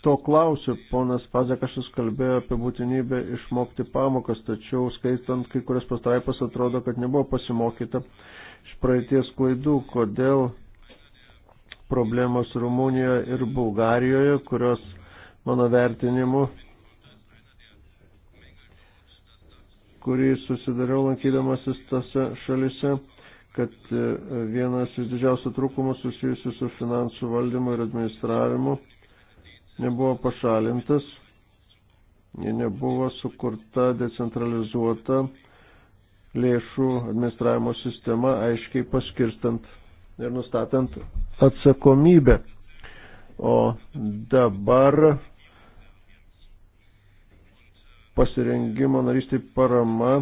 to klausiu. Ponas Pazekašas kalbėjo apie būtinybę išmokti pamokas, tačiau skaitant kai kurias pastraipas atrodo, kad nebuvo pasimokyta iš praeities klaidų, kodėl problemos Rumunijoje ir Bulgarijoje, kurios mano vertinimu kurį susidariau lankydamasis tose šalise, kad e, vienas iš didžiausių trūkumų susijusių su finansų valdymu ir administravimu nebuvo pašalintas, ji nebuvo sukurta decentralizuota lėšų administravimo sistema, aiškiai paskirstant ir nustatant atsakomybę. O dabar pasirengimo narystai parama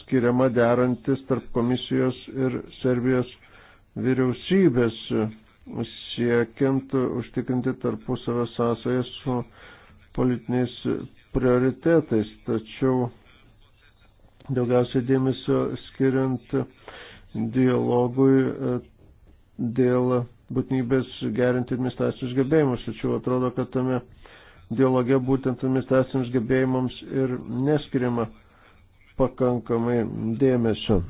skiriama derantis tarp komisijos ir Serbijos vyriausybės siekiant užtikrinti tarpusavio sąsąją su politiniais prioritetais, tačiau daugiausiai dėmesio skiriant dialogui e, dėl būtinybės gerinti administracinius gebėjimus, tačiau atrodo, kad tame dialoge būtent administraciniams gebėjimams ir neskiriama pakankamai dėmesio.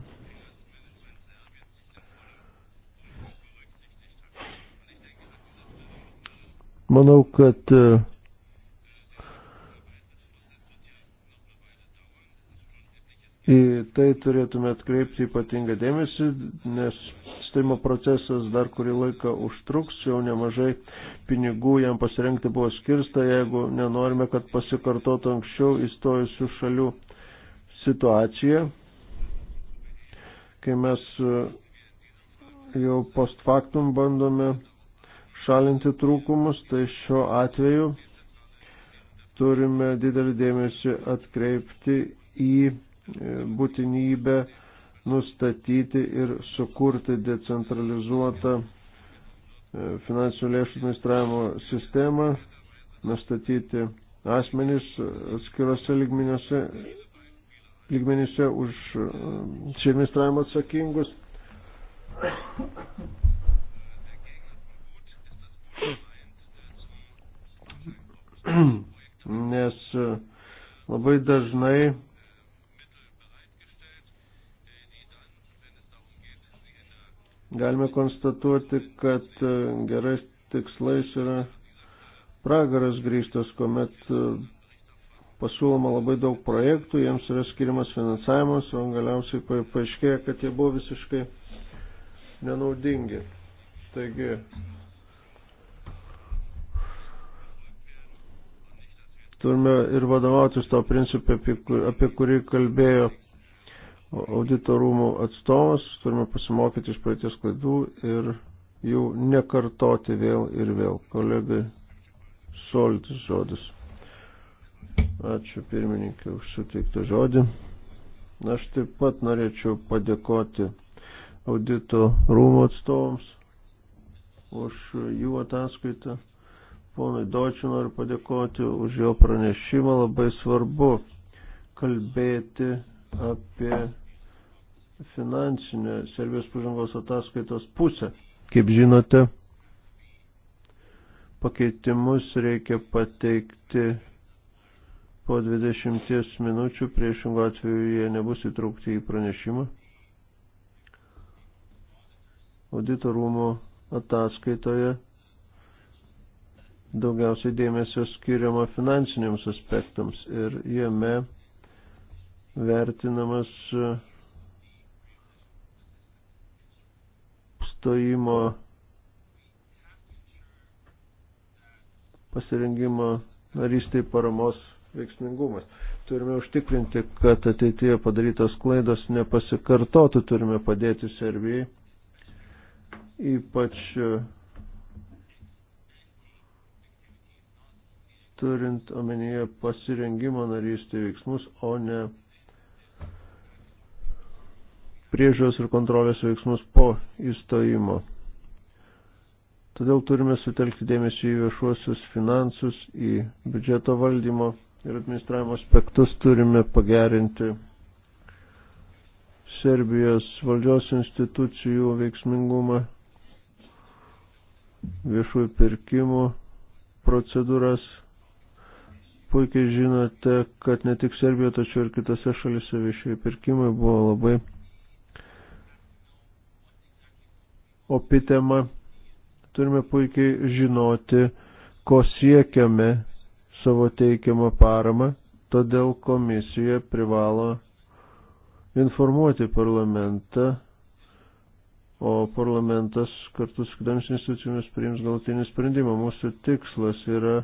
Manau, kad e, į tai turėtume atkreipti ypatingą dėmesį, nes steimo procesas dar kurį laiką užtruks, jau nemažai pinigų jam pasirengti buvo skirsta, jeigu nenorime, kad pasikartotų anksčiau įstojusių šalių situacija, kai mes e, jau post factum bandome šalinti trūkumus, tai šiuo atveju turime didelį dėmesį atkreipti į e, būtinybę nustatyti ir sukurti decentralizuotą e, finansinių lėšų administravimo sistemą, nustatyti asmenys atskirose lygmeniuose, lygmenyse už e, šį administravimą atsakingus nes e, labai dažnai galime konstatuoti, kad e, gerais tikslais yra pragaras grįžtas, kuomet e, pasiūloma labai daug projektų, jiems yra skirimas finansavimas, o galiausiai paaiškėja, kad jie buvo visiškai nenaudingi. Taigi, turime ir vadovautis to principu, apie kurį kalbėjo auditorumų atstovas, turime pasimokyti iš praeities klaidų ir jų nekartoti vėl ir vėl. Kolegai Soltis žodis. Ačiū pirmininkė už suteiktą žodį. Aš taip pat norėčiau padėkoti audito rūmų atstovams už jų ataskaitą. Ponui Dočiu noriu padėkoti už jo pranešimą. Labai svarbu kalbėti apie finansinę Serbijos pažangos ataskaitos pusę. Kaip žinote, pakeitimus reikia pateikti po 20 minučių, priešingų atveju jie nebus įtraukti į pranešimą. Audito rūmo ataskaitoje daugiausiai dėmesio skiriama finansiniams aspektams ir jame vertinamas uh, stojimo pasirengimo narystai paramos veiksmingumas. Turime užtikrinti, kad ateityje padarytos klaidos nepasikartotų, turime padėti Serbijai, ypač uh, turint omenyje pasirengimo narystė veiksmus, o ne priežiūros ir kontrolės veiksmus po įstojimo. Todėl turime sutelkti dėmesį į viešuosius finansus, į biudžeto valdymo ir administravimo aspektus turime pagerinti Serbijos valdžios institucijų veiksmingumą, viešųjų pirkimų procedūras puikiai žinote, kad ne tik Serbijoje, tačiau ir kitose šalise viešieji pirkimai buvo labai opi tema. Turime puikiai žinoti, ko siekiame savo teikiamą paramą, todėl komisija privalo informuoti parlamentą, o parlamentas kartu su kitomis institucijomis priims galutinį sprendimą. Mūsų tikslas yra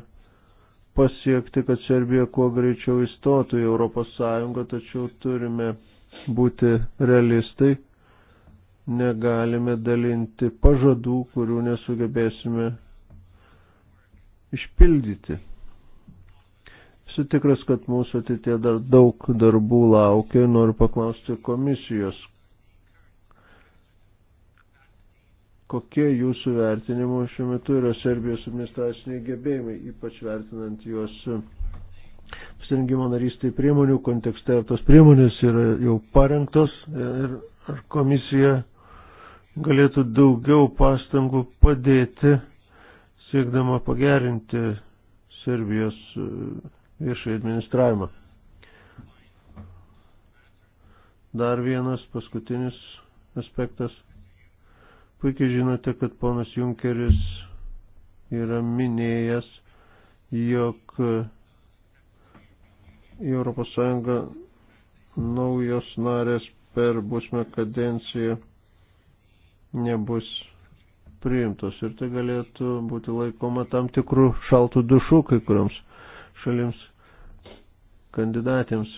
pasiekti, kad Serbija kuo greičiau įstotų į Europos Sąjungą, tačiau turime būti realistai, negalime dalinti pažadų, kurių nesugebėsime išpildyti. Sutikras, kad mūsų ateitie dar daug darbų laukia, noriu paklausti komisijos, Kokie jūsų vertinimo šiuo metu yra Serbijos administraciniai gebėjimai, ypač vertinant juos pasirinkimo narystai priemonių kontekste, ar tos priemonės yra jau parengtos ir ar komisija galėtų daugiau pastangų padėti, siekdama pagerinti Serbijos e, viešai administravimą. Dar vienas paskutinis aspektas Puikiai žinote, kad ponas Junkeris yra minėjęs, jog ES naujos narės per būsmę kadenciją nebus priimtos ir tai galėtų būti laikoma tam tikrų šaltų dušų kai kuriams šalims kandidatėms.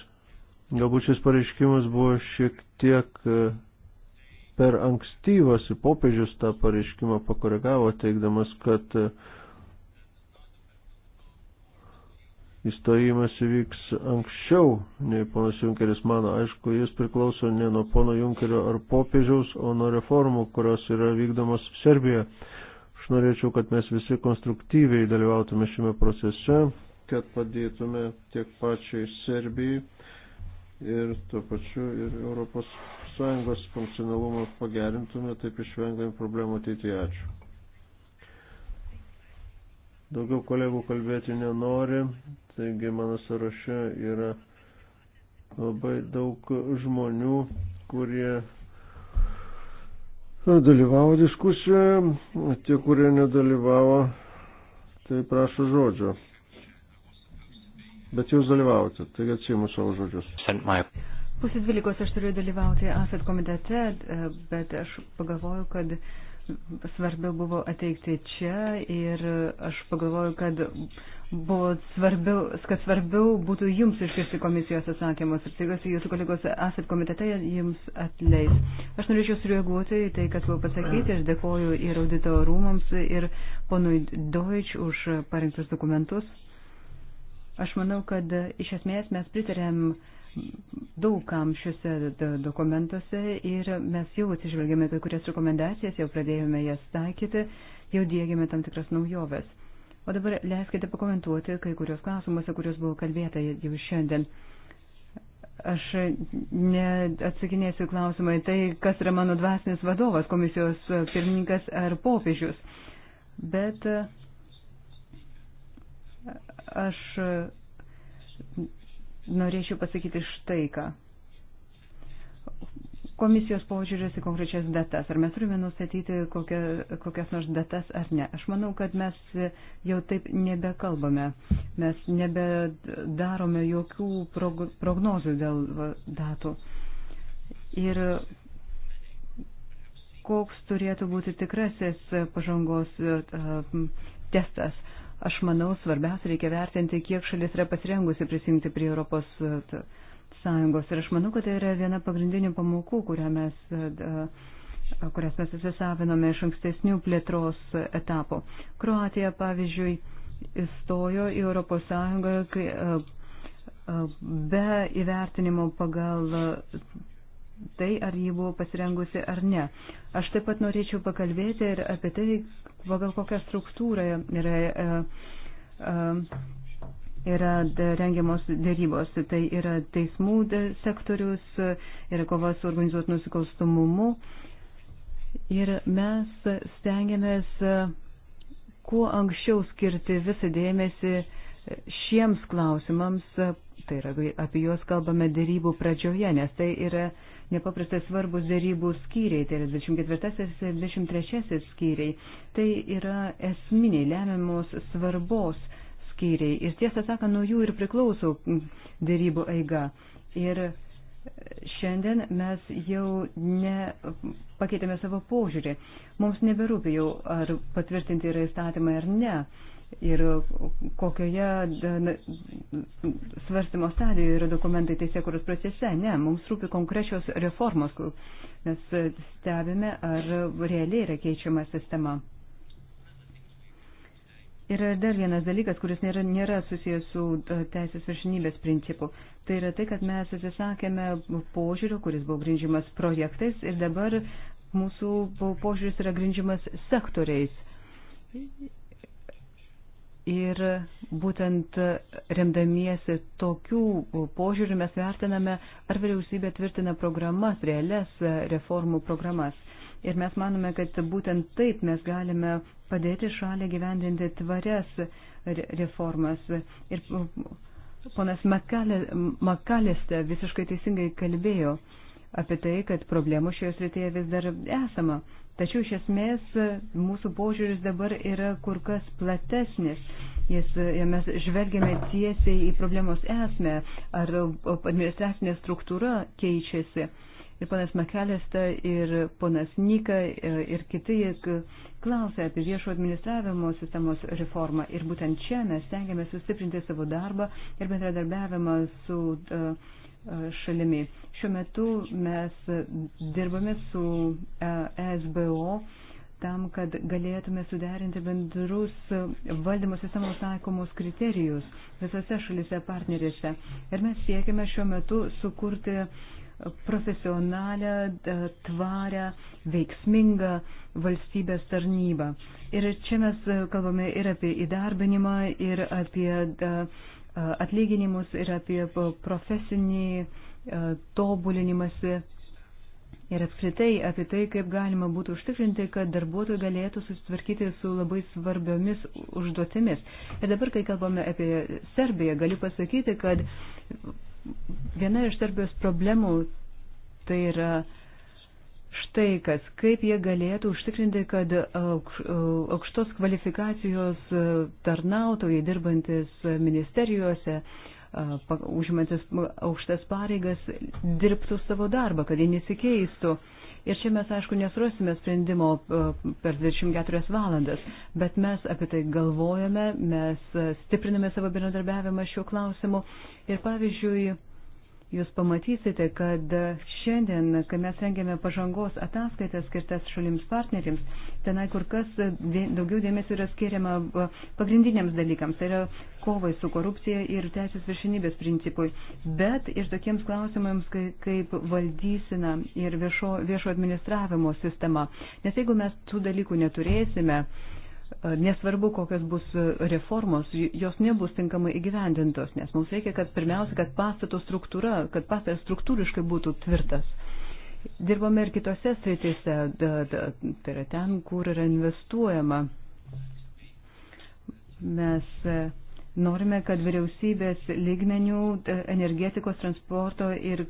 Galbūt šis pareiškimas buvo šiek tiek per ankstyvas ir popiežius tą pareiškimą pakoregavo, teikdamas, kad e, įstojimas įvyks anksčiau, nei ponas Junkeris mano. Aišku, jis priklauso ne nuo pono Junkerio ar popiežiaus, o nuo reformų, kurios yra vykdomos Serbijoje. Aš norėčiau, kad mes visi konstruktyviai dalyvautume šiame procese, kad padėtume tiek pačiai Serbijai ir tuo pačiu ir Europos Sąjungos funkcionalumą pagerintume, taip išvengdami problemų ateityje. Ačiū. Daugiau kolegų kalbėti nenori, taigi mano sąraše yra labai daug žmonių, kurie dalyvavo diskusijoje, tie, kurie nedalyvavo, tai prašo žodžio. Bet jūs dalyvaujate, taigi atsijimu savo žodžius. Pusė dvylikos aš turiu dalyvauti ASAT komitete, e, bet aš pagalvoju, kad svarbiau buvo ateikti čia ir aš pagalvoju, kad buvo svarbiau, kad svarbiau būtų jums išgirsti komisijos atsakymus ir tikiuosi jūsų kolegos ASAT komitete jums atleis. Aš norėčiau sureaguoti į tai, kas buvo pasakyti. Aš dėkoju ir audito rūmams, ir ponui Deutsch už parinktus dokumentus. Aš manau, kad e, iš esmės mes pritarėm daugam šiuose dokumentuose ir mes jau atsižvelgėme kai kurias rekomendacijas, jau pradėjome jas taikyti, jau dėgėme tam tikras naujoves. O dabar leiskite pakomentuoti kai kurios klausimuose, kurios buvo kalbėta jau šiandien. Aš neatsakinėsiu klausimai tai, kas yra mano dvasinis vadovas, komisijos pirmininkas ar popiežius. Bet uh, Aš e, norėčiau pasakyti štai ką. Komisijos požiūrės į konkrečias datas. Ar mes turime nustatyti kokia, kokias nors datas ar ne? Aš manau, kad mes jau taip nebekalbame. Mes nebedarome jokių prognozių dėl datų. Ir koks turėtų būti tikrasis pažangos e, testas. Aš manau, svarbiausia reikia vertinti, kiek šalis yra pasirengusi prisimti prie Europos e, Sąjungos. Ir aš manau, kad tai yra viena pagrindinių pamokų, kurią mes, e, e, kurias mes įsisavinome iš ankstesnių plėtros etapų. Kroatija, pavyzdžiui, įstojo į Europos Sąjungą be įvertinimo pagal tai, ar jį buvo pasirengusi ar ne. Aš taip pat norėčiau pakalbėti ir apie tai, pagal kokią struktūrą yra, e, e, yra rengiamos dėrybos. Tai yra teismų sektorius, yra kova su organizuotų nusikalstumumu. Ir mes stengiamės e, kuo anksčiau skirti visą dėmesį šiems klausimams, tai yra apie juos kalbame dėrybų pradžioje, nes tai yra uh, nepaprastai svarbus dėrybų skyriai, tai yra 24 ir 23 skyriai. Tai yra esminiai lemiamos svarbos skyriai. Ir tiesą sakant, nuo jų ir priklauso dėrybų eiga. Ir šiandien mes jau nepakeitėme savo požiūrį. Mums neberūpi jau, ar patvirtinti yra įstatymai ar ne ir e, kokioje svarstymo stadijoje yra dokumentai teisėkuros procese. Ne, mums rūpi konkrečios reformos, nes stebime, ar realiai yra keičiama sistema. Ir dar vienas dalykas, kuris nėra, nėra susijęs su e, teisės viršinybės principu, tai yra tai, kad mes atsisakėme požiūrio, kuris buvo grindžiamas projektais ir dabar mūsų požiūris yra grindžiamas sektoriais. Ir būtent remdamiesi tokių požiūrių mes vertiname, ar vyriausybė tvirtina programas, realias reformų programas. Ir mes manome, kad būtent taip mes galime padėti šalį gyvendinti tvarias reformas. Ir ponas Makalėste visiškai teisingai kalbėjo apie tai, kad problemų šioje srityje vis dar esama. Tačiau iš esmės e, mūsų požiūris dabar yra kur kas platesnis. Jis, e, mes žvelgiame tiesiai į problemos esmę, ar e, administracinė struktūra keičiasi. Ir panas Makelėsta, ir panas Nika, ir kiti klausė apie viešo administravimo sistemos reformą. Ir būtent čia mes tengiamės sustiprinti savo darbą ir bendradarbiavimą su. Uh, šalimi. Šiuo metu mes dirbame su e, SBO tam, kad galėtume suderinti bendrus valdymo sistemos taikomus kriterijus visose šalise partnerėse. Ir mes siekime šiuo metu sukurti profesionalę, e, tvarę, veiksmingą valstybės tarnybą. Ir čia mes kalbame ir apie įdarbinimą, ir apie e, atlyginimus ir apie profesinį e, tobulinimąsi ir apskritai apie tai, kaip galima būtų užtikrinti, kad darbuotojai galėtų susitvarkyti su labai svarbiomis užduotimis. Ir dabar, kai kalbame apie Serbiją, galiu pasakyti, kad viena iš Serbijos problemų tai yra uh, štai kas, kaip jie galėtų užtikrinti, kad aukštos kvalifikacijos e, tarnautojai dirbantis ministerijuose, e, užimantis aukštas pareigas, dirbtų savo darbą, kad jie nesikeistų. Ir čia mes, aišku, nesurasime sprendimo e, per 24 valandas, bet mes apie tai galvojame, mes stipriname savo bendradarbiavimą šiuo klausimu. Ir pavyzdžiui, jūs pamatysite, kad šiandien, kai mes rengiame pažangos ataskaitas skirtas šalims partneriams, tenai kur kas daugiau dėmesio yra skiriama pagrindiniams dalykams, tai yra kovai su korupcija ir teisės viršinybės principui, bet ir tokiems klausimams kaip valdysina ir viešo, viešo administravimo sistema. Nes jeigu mes tų dalykų neturėsime, Nesvarbu, kokios bus reformos, jos nebus tinkamai įgyvendintos, nes mums reikia, kad pirmiausia, kad pastato struktūra, kad pastatas struktūriškai būtų tvirtas. Dirbame ir kitose sritise, tai yra ten, kur yra investuojama. Mes Norime, kad vyriausybės lygmenių e, energetikos, transporto ir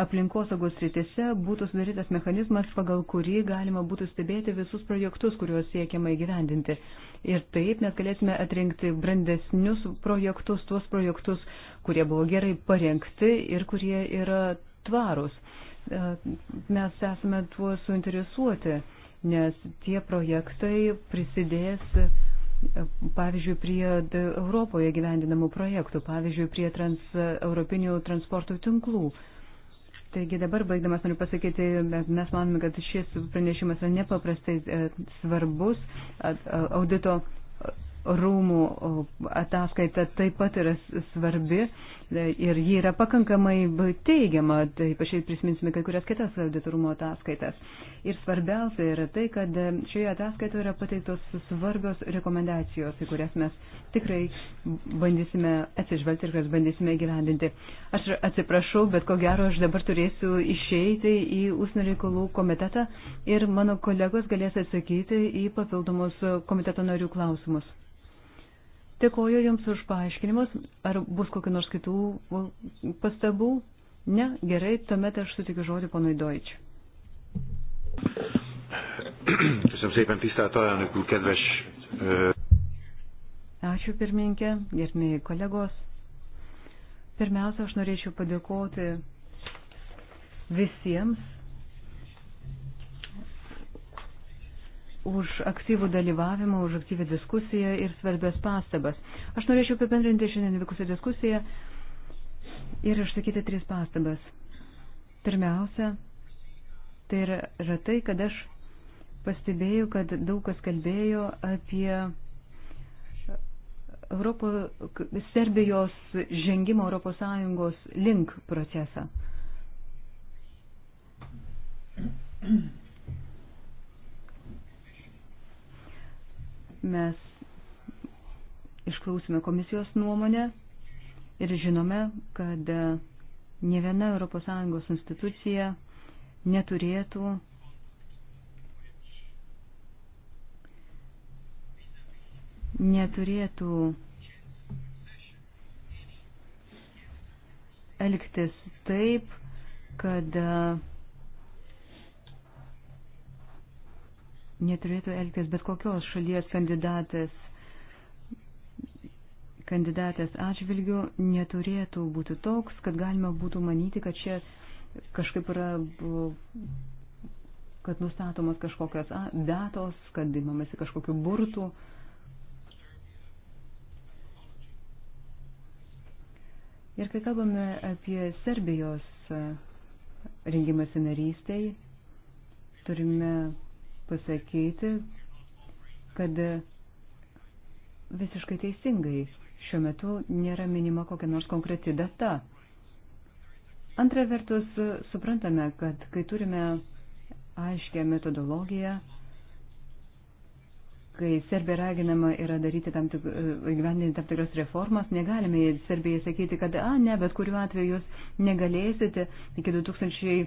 aplinkosaugos rytise būtų sudarytas mechanizmas, pagal kurį galima būtų stebėti visus projektus, kuriuos siekiama įgyvendinti. Ir taip mes galėsime atrinkti brandesnius projektus, tuos projektus, kurie buvo gerai parengti ir kurie yra tvarūs. E, mes esame tuo suinteresuoti, nes tie projektai prisidės pavyzdžiui, prie Europoje gyvendinamų projektų, pavyzdžiui, prie trans, europinių transporto tinklų. Taigi dabar baigdamas noriu pasakyti, mes manome, kad šis pranešimas yra nepaprastai e, svarbus audito rūmų ataskaita taip pat yra svarbi e, ir ji yra pakankamai teigiama, taip aš prisiminsime kai kurias kitas auditorumo ataskaitas. Ir svarbiausia yra tai, kad e, šioje ataskaitoje yra pateiktos svarbios rekomendacijos, į kurias mes tikrai bandysime atsižvelgti ir kas bandysime gyvendinti. Aš atsiprašau, bet ko gero aš dabar turėsiu išeiti į Užsienio reikalų komitetą ir mano kolegos galės atsakyti į papildomus komiteto narių klausimus. Dėkoju Jums už paaiškinimus. Ar bus kokiu nors kitų pastabų? Ne, gerai, tuomet aš sutikiu žodį ponui Deutsch. Köszönöm szépen, tisztelt alelnök úr, kedves... Ačiū pirmininkė, gerbėjai kolegos. Pirmiausia, aš norėčiau padėkoti visiems už aktyvų dalyvavimą, už aktyvę diskusiją ir svarbias pastabas. Aš norėčiau apibendrinti šiandien vykusią diskusiją ir išsakyti tris pastabas. Pirmiausia, tai yra, yra tai, kad aš pastebėjau, kad daug kas kalbėjo apie Europo, Serbijos žengimo Europos Sąjungos link procesą. Mes išklausime komisijos nuomonę ir žinome, kad ne viena ES institucija neturėtų neturėtų elgtis taip, kad neturėtų elgtis bet kokios šalies kandidatės kandidatės atžvilgių neturėtų būti toks, kad galima būtų manyti, kad čia kažkaip yra, kad nustatomos kažkokios datos, kad imamasi kažkokiu burtų. Ir kai kalbame apie Serbijos rengimąsi narystiai, turime pasakyti, kad visiškai teisingai šiuo metu nėra minima kokia nors konkreti data. Antra vertus, suprantame, kad kai turime aiškę metodologiją, kai Serbija raginama yra daryti tam, tik, e, gyvendinti tam tikras reformas, negalime Serbijai sakyti, kad, a, ne, bet kuriuo atveju jūs negalėsite iki 2000.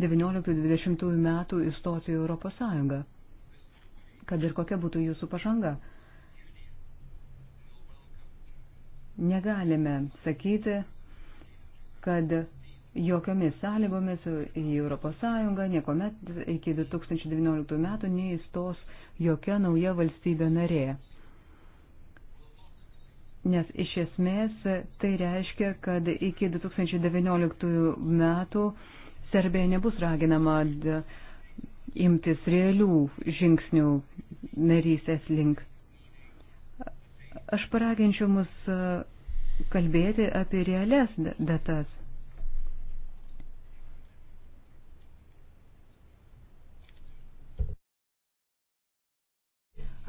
19-20 metų įstoti į Europos Sąjungą, kad ir kokia būtų jūsų pažanga. Negalime sakyti, kad jokiomis sąlygomis į Europos Sąjungą niekuomet iki 2019 metų neįstos jokia nauja valstybė narė. Nes iš esmės tai reiškia, kad iki 2019 metų Serbija nebus raginama imtis realių žingsnių narysės link. Aš paraginčiau mus e, kalbėti apie realias datas.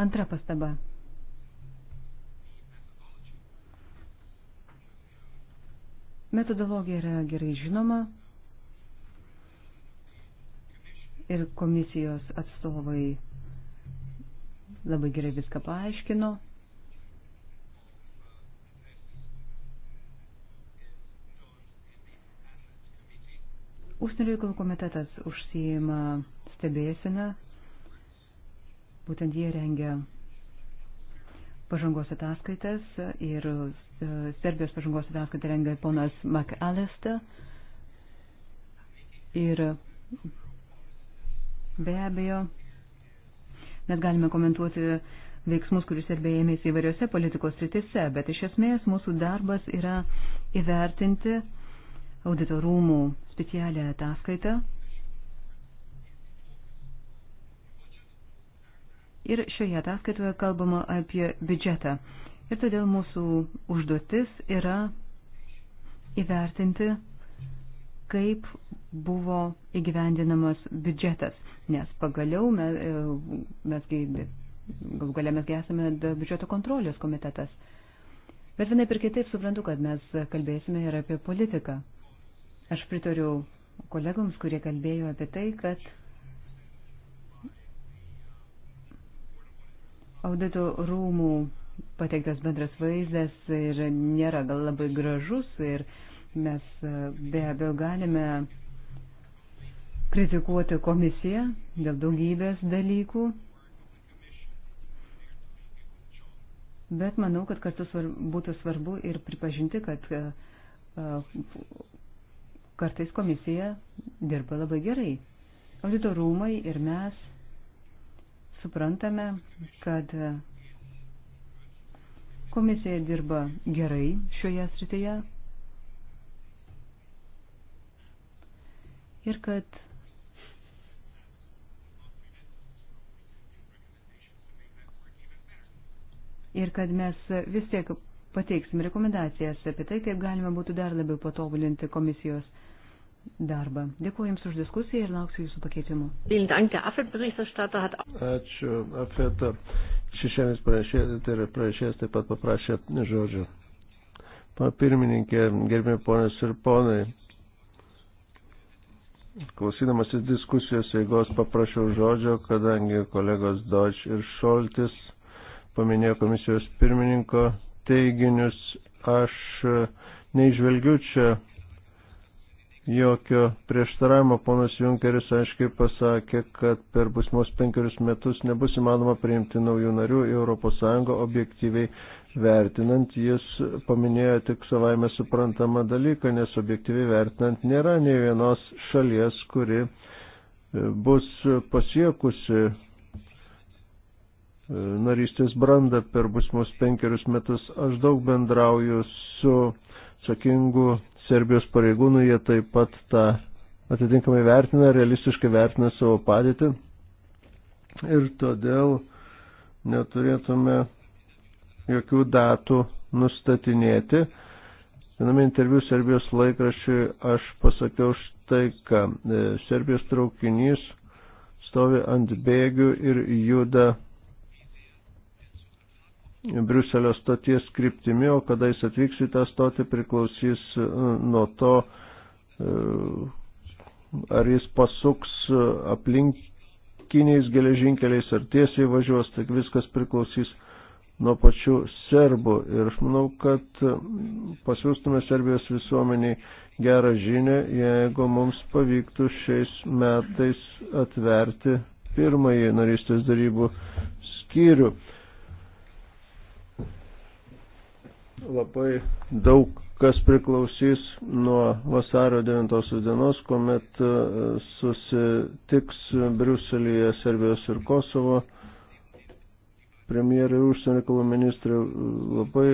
Antra pastaba. Metodologija yra gerai žinoma, ir komisijos atstovai labai gerai viską paaiškino. Užsienio reikalų komitetas užsijima stebėsime, būtent jie rengia pažangos ataskaitas ir e, Serbijos pažangos ataskaitą rengia ponas McAllister ir Be abejo, mes galime komentuoti veiksmus, kuris ir beėmėsi įvairiose politikos sritise, bet iš esmės mūsų darbas yra įvertinti auditorumų specialią ataskaitą Ir šioje ataskaitoje kalbama apie biudžetą. Ir todėl mūsų užduotis yra įvertinti kaip buvo įgyvendinamas biudžetas, nes pagaliau mes, e, mesgi, galų galę mesgi esame biudžeto kontrolės komitetas. Bet vienai per kitaip suprantu, kad mes kalbėsime ir apie politiką. Aš pritariu kolegoms, kurie kalbėjo apie tai, kad audito rūmų pateiktas bendras vaizdas ir nėra gal labai gražus ir uh, Mes e, be abejo galime kritikuoti komisiją dėl daugybės dalykų, bet manau, kad kartu svarbu, būtų svarbu ir pripažinti, kad e, e, kartais komisija dirba labai gerai. Auditorumai ir mes suprantame, kad komisija dirba gerai šioje srityje, ir kad ir kad mes vis tiek pateiksim rekomendacijas apie tai, kaip galima būtų dar labiau patobulinti komisijos darbą. Dėkuoju Jums už diskusiją ir lauksiu Jūsų pakeitimų. Ačiū, Afet. Šešienis tai pranešėjas tai pranešė, taip pat paprašė žodžio. Pana pirmininkė, gerbėjai ponės ir ponai, klausydamasis diskusijos eigos paprašiau žodžio, kadangi kolegos Doč ir Šoltis paminėjo komisijos pirmininko teiginius, aš neižvelgiu čia jokio prieštaravimo. Ponas Junkeris aiškiai pasakė, kad per busmos penkerius metus nebus įmanoma priimti naujų narių į ES objektyviai vertinant, jis paminėjo tik savaime suprantamą dalyką, nes objektyviai vertinant nėra nei vienos šalies, kuri e, bus pasiekusi e, narystės brandą per busmus penkerius metus. Aš daug bendrauju su atsakingu Serbijos pareigūnu, jie taip pat tą atitinkamai vertina, realistiškai vertina savo padėtį. Ir todėl neturėtume jokių datų nustatinėti. Viename interviu Serbijos laikrašiui aš pasakiau štai ką. E, Serbijos traukinys stovi ant bėgių ir juda Briuselio stoties kryptimi, o kada jis atvyks į tą stotį priklausys e, nuo to, e, ar jis pasuks aplinkiniais geležinkeliais ar tiesiai važiuos, tik viskas priklausys nuo pačių serbų. Ir aš manau, kad pasiūstume Serbijos visuomeniai gerą žinę, jeigu mums pavyktų šiais metais atverti pirmąjį narystės darybų skyrių. Labai daug kas priklausys nuo vasario 9 dienos, kuomet e, susitiks Briuselėje Serbijos ir Kosovo premjerai, užsienio reikalų ministrai, labai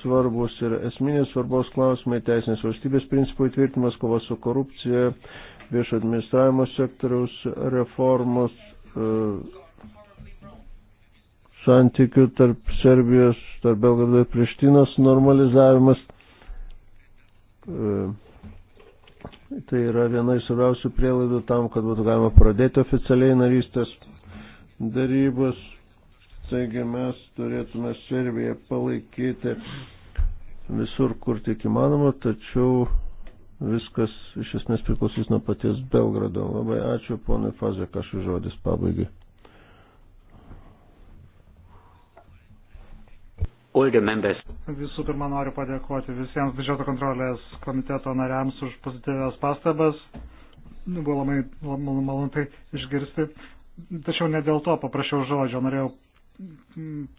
svarbus ir esminės svarbos klausimai, teisinės valstybės principų įtvirtimas, kova su korupcija, viešo administravimo sektoriaus reformos, e, santykių tarp Serbijos, tarp Belgrado ir Prištinos normalizavimas. E, tai yra viena iš svarbiausių prielaidų tam, kad būtų galima pradėti oficialiai narystės darybos taigi mes turėtume Serbiją palaikyti visur, kur tik įmanoma, tačiau viskas iš esmės priklausys nuo paties Belgrado. Labai ačiū, ponai Fazė, kažkas žodis pabaigai. Visų pirma, noriu padėkoti visiems biudžeto kontrolės komiteto nariams už pozityvės pastabas. Buvo labai malonu tai išgirsti. Tačiau ne dėl to paprašiau žodžio, norėjau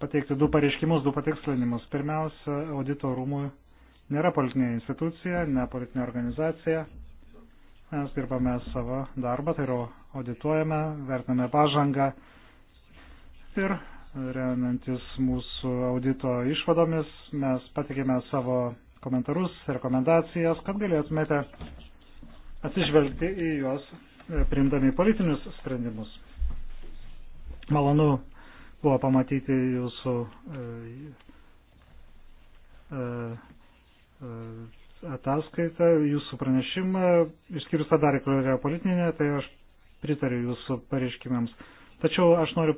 pateikti du pareiškimus, du patikslinimus. Pirmiausia, audito rūmų nėra politinė institucija, ne politinė organizacija. Mes dirbame savo darbą, tai yra audituojame, vertiname pažangą ir remiantis mūsų audito išvadomis, mes patikėme savo komentarus, rekomendacijas, kad galėtumėte atsižvelgti į juos priimdami politinius sprendimus. Malonu buvo pamatyti jūsų e, e, e, ataskaitą, jūsų pranešimą, išskyrus tą darį, kur yra politinė, tai aš pritariu jūsų pareiškimams. Tačiau aš noriu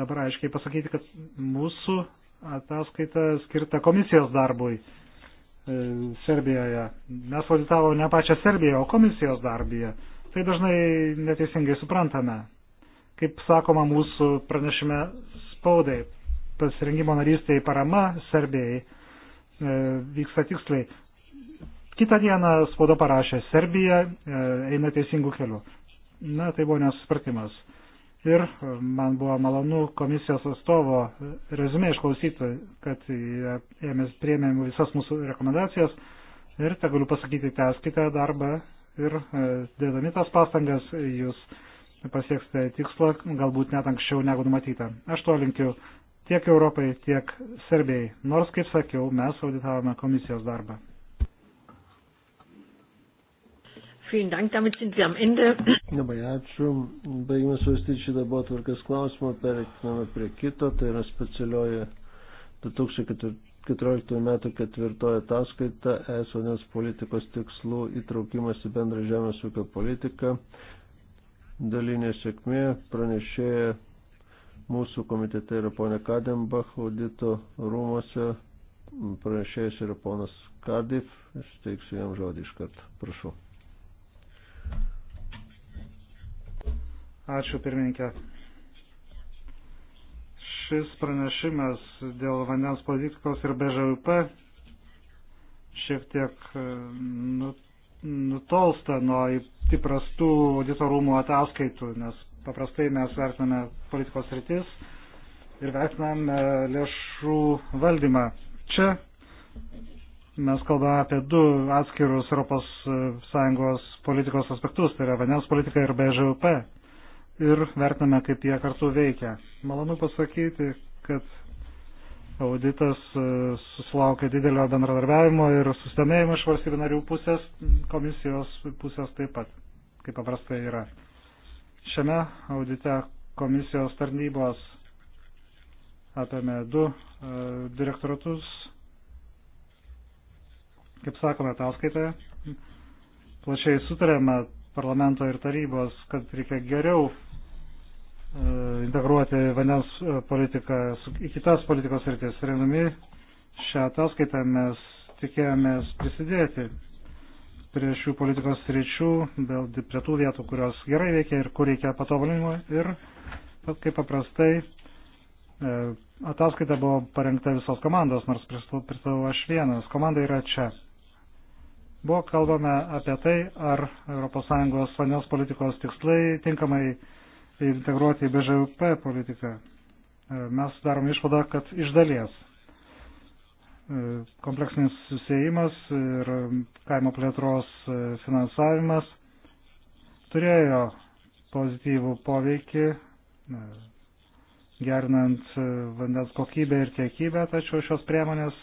dabar aiškiai pasakyti, kad mūsų ataskaita skirta komisijos darbui Serbijoje. Mes auditavome ne pačią Serbiją, o komisijos darbėje. Tai dažnai neteisingai suprantame. Kaip sakoma mūsų pranešime, spaudai. Pasirengimo narystai parama Serbijai e, vyksta tiksliai. Kita diena spauda parašė, Serbija e, eina teisingų kelių. Na, tai buvo nesusipratimas. Ir e, man buvo malonu komisijos atstovo e, rezumė išklausyti, kad ėmės priemėm visas mūsų rekomendacijas ir te galiu pasakyti, teskite darbą ir e, dėdami tas pastangas jūs pasieksite tikslą, galbūt net anksčiau negu numatyta. Aš to linkiu tiek Europai, tiek Serbijai, nors, kaip sakiau, mes auditavome komisijos darbą. Vielen Dank, damit sind wir am Ende. Labai ačiū. Baigime svarstyti šį darbo tvarkės klausimą, pereikime prie kito, tai yra specialioji 2014 metų ketvirtoji ataskaita ES vandens politikos tikslų įtraukimas į bendrą žemės ūkio politiką dalinė sėkmė. Pranešėja mūsų komitete yra ponė Kadembach, audito rūmose pranešėjas yra ponas Kadif. Aš teiksiu jam žodį iš karto. Prašau. Ačiū pirmininkė. Šis pranešimas dėl vandens politikos ir BŽUP šiek tiek e, nut nutolsta nuo įprastų auditorumų ataskaitų, nes paprastai mes vertiname politikos rytis ir vertiname lėšų valdymą. Čia mes kalbame apie du atskirus ES politikos aspektus, tai yra vandens politika ir BŽUP. Ir vertiname, kaip jie kartu veikia. Malonu pasakyti, kad auditas e, susilaukė didelio bendradarbiavimo ir susidomėjimo iš valstybių narių pusės, komisijos pusės taip pat, kaip paprastai yra. Šiame audite komisijos tarnybos apėmė du e, direktoratus, kaip sakome, ataskaitoje. Plačiai sutarėme parlamento ir tarybos, kad reikia geriau e, integruoti vandens e, politiką į kitas politikos rytis. Rengdami šią ataskaitą mes tikėjomės prisidėti prie šių politikos ryčių, prie tų vietų, kurios gerai veikia ir kur reikia patobulinimo. Ir kaip paprastai e, ataskaita buvo parengta visos komandos, nors pristatau aš vienas. Komanda yra čia. Buvo kalbame apie tai, ar ES vandens politikos tikslai tinkamai integruoti į BŽP politiką, e, mes darom išvadą, kad iš dalies e, kompleksinis susijimas ir kaimo plėtros e, finansavimas turėjo pozityvų poveikį, gerinant vandens kokybę ir kiekybę, tačiau šios priemonės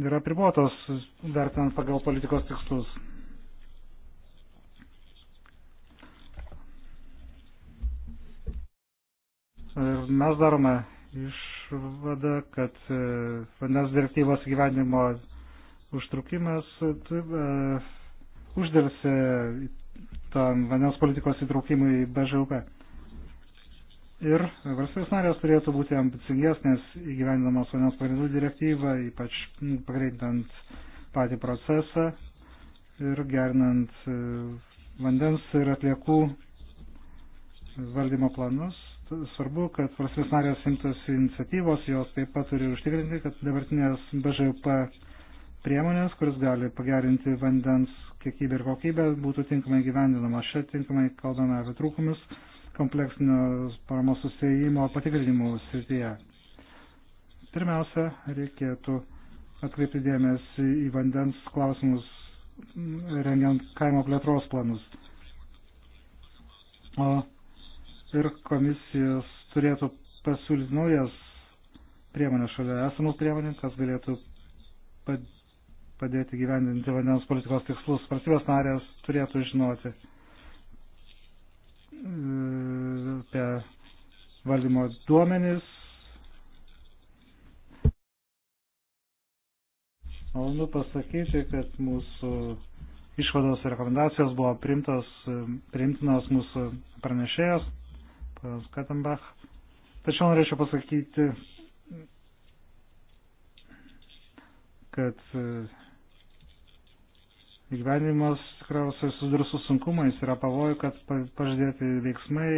yra pribuotos vertinant pagal politikos tikslus. Ir mes darome išvadą, kad e, vandens direktyvos gyvenimo užtrukimas e, e, uždėlsi tam vandens politikos įtraukimui į BŽUP. Ir valstybės narės turėtų būti ambicingesnės įgyvendinamos vandens pagrindų direktyvą, ypač pagreitinant patį procesą ir gerinant vandens ir atliekų valdymo planus svarbu, kad valstybės narės imtas iniciatyvos, jos taip pat turi užtikrinti, kad dabartinės BŽP priemonės, kuris gali pagerinti vandens kiekybę ir kokybę, būtų tinkamai gyvendinama. Šia tinkamai kalbame apie trūkumus kompleksinio paramos susijimo patikrinimų srityje. Pirmiausia, reikėtų atkreipti dėmesį į vandens klausimus, rengiant kaimo plėtros planus. O ir komisijos turėtų pasiūlyti naujas priemonės šalia esamų priemonių, kas galėtų padėti gyvendinti vandens politikos tikslus. Valstybės narės turėtų žinoti e, apie valdymo duomenis. Malonu pasakyti, kad mūsų išvados ir rekomendacijos buvo primtos, e, primtinos mūsų pranešėjos panas Kattenbach. Tačiau norėčiau pasakyti, kad e, gyvenimas tikriausiai susidurs su sunkumais, yra pavojų, kad pažadėti veiksmai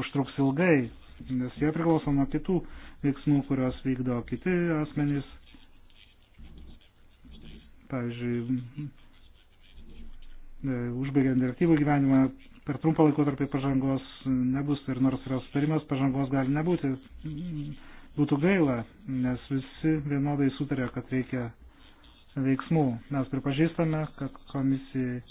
užtruks ilgai, nes jie priklauso nuo kitų veiksmų, kurios vykdo kiti asmenys. Pavyzdžiui, e, užbaigiant direktyvų gyvenimą, per trumpą laikotarpį pažangos nebus ir nors yra sutarimas, pažangos gali nebūti. Būtų gaila, nes visi vienodai sutarė, kad reikia veiksmų. Mes pripažįstame, kad komisijai e,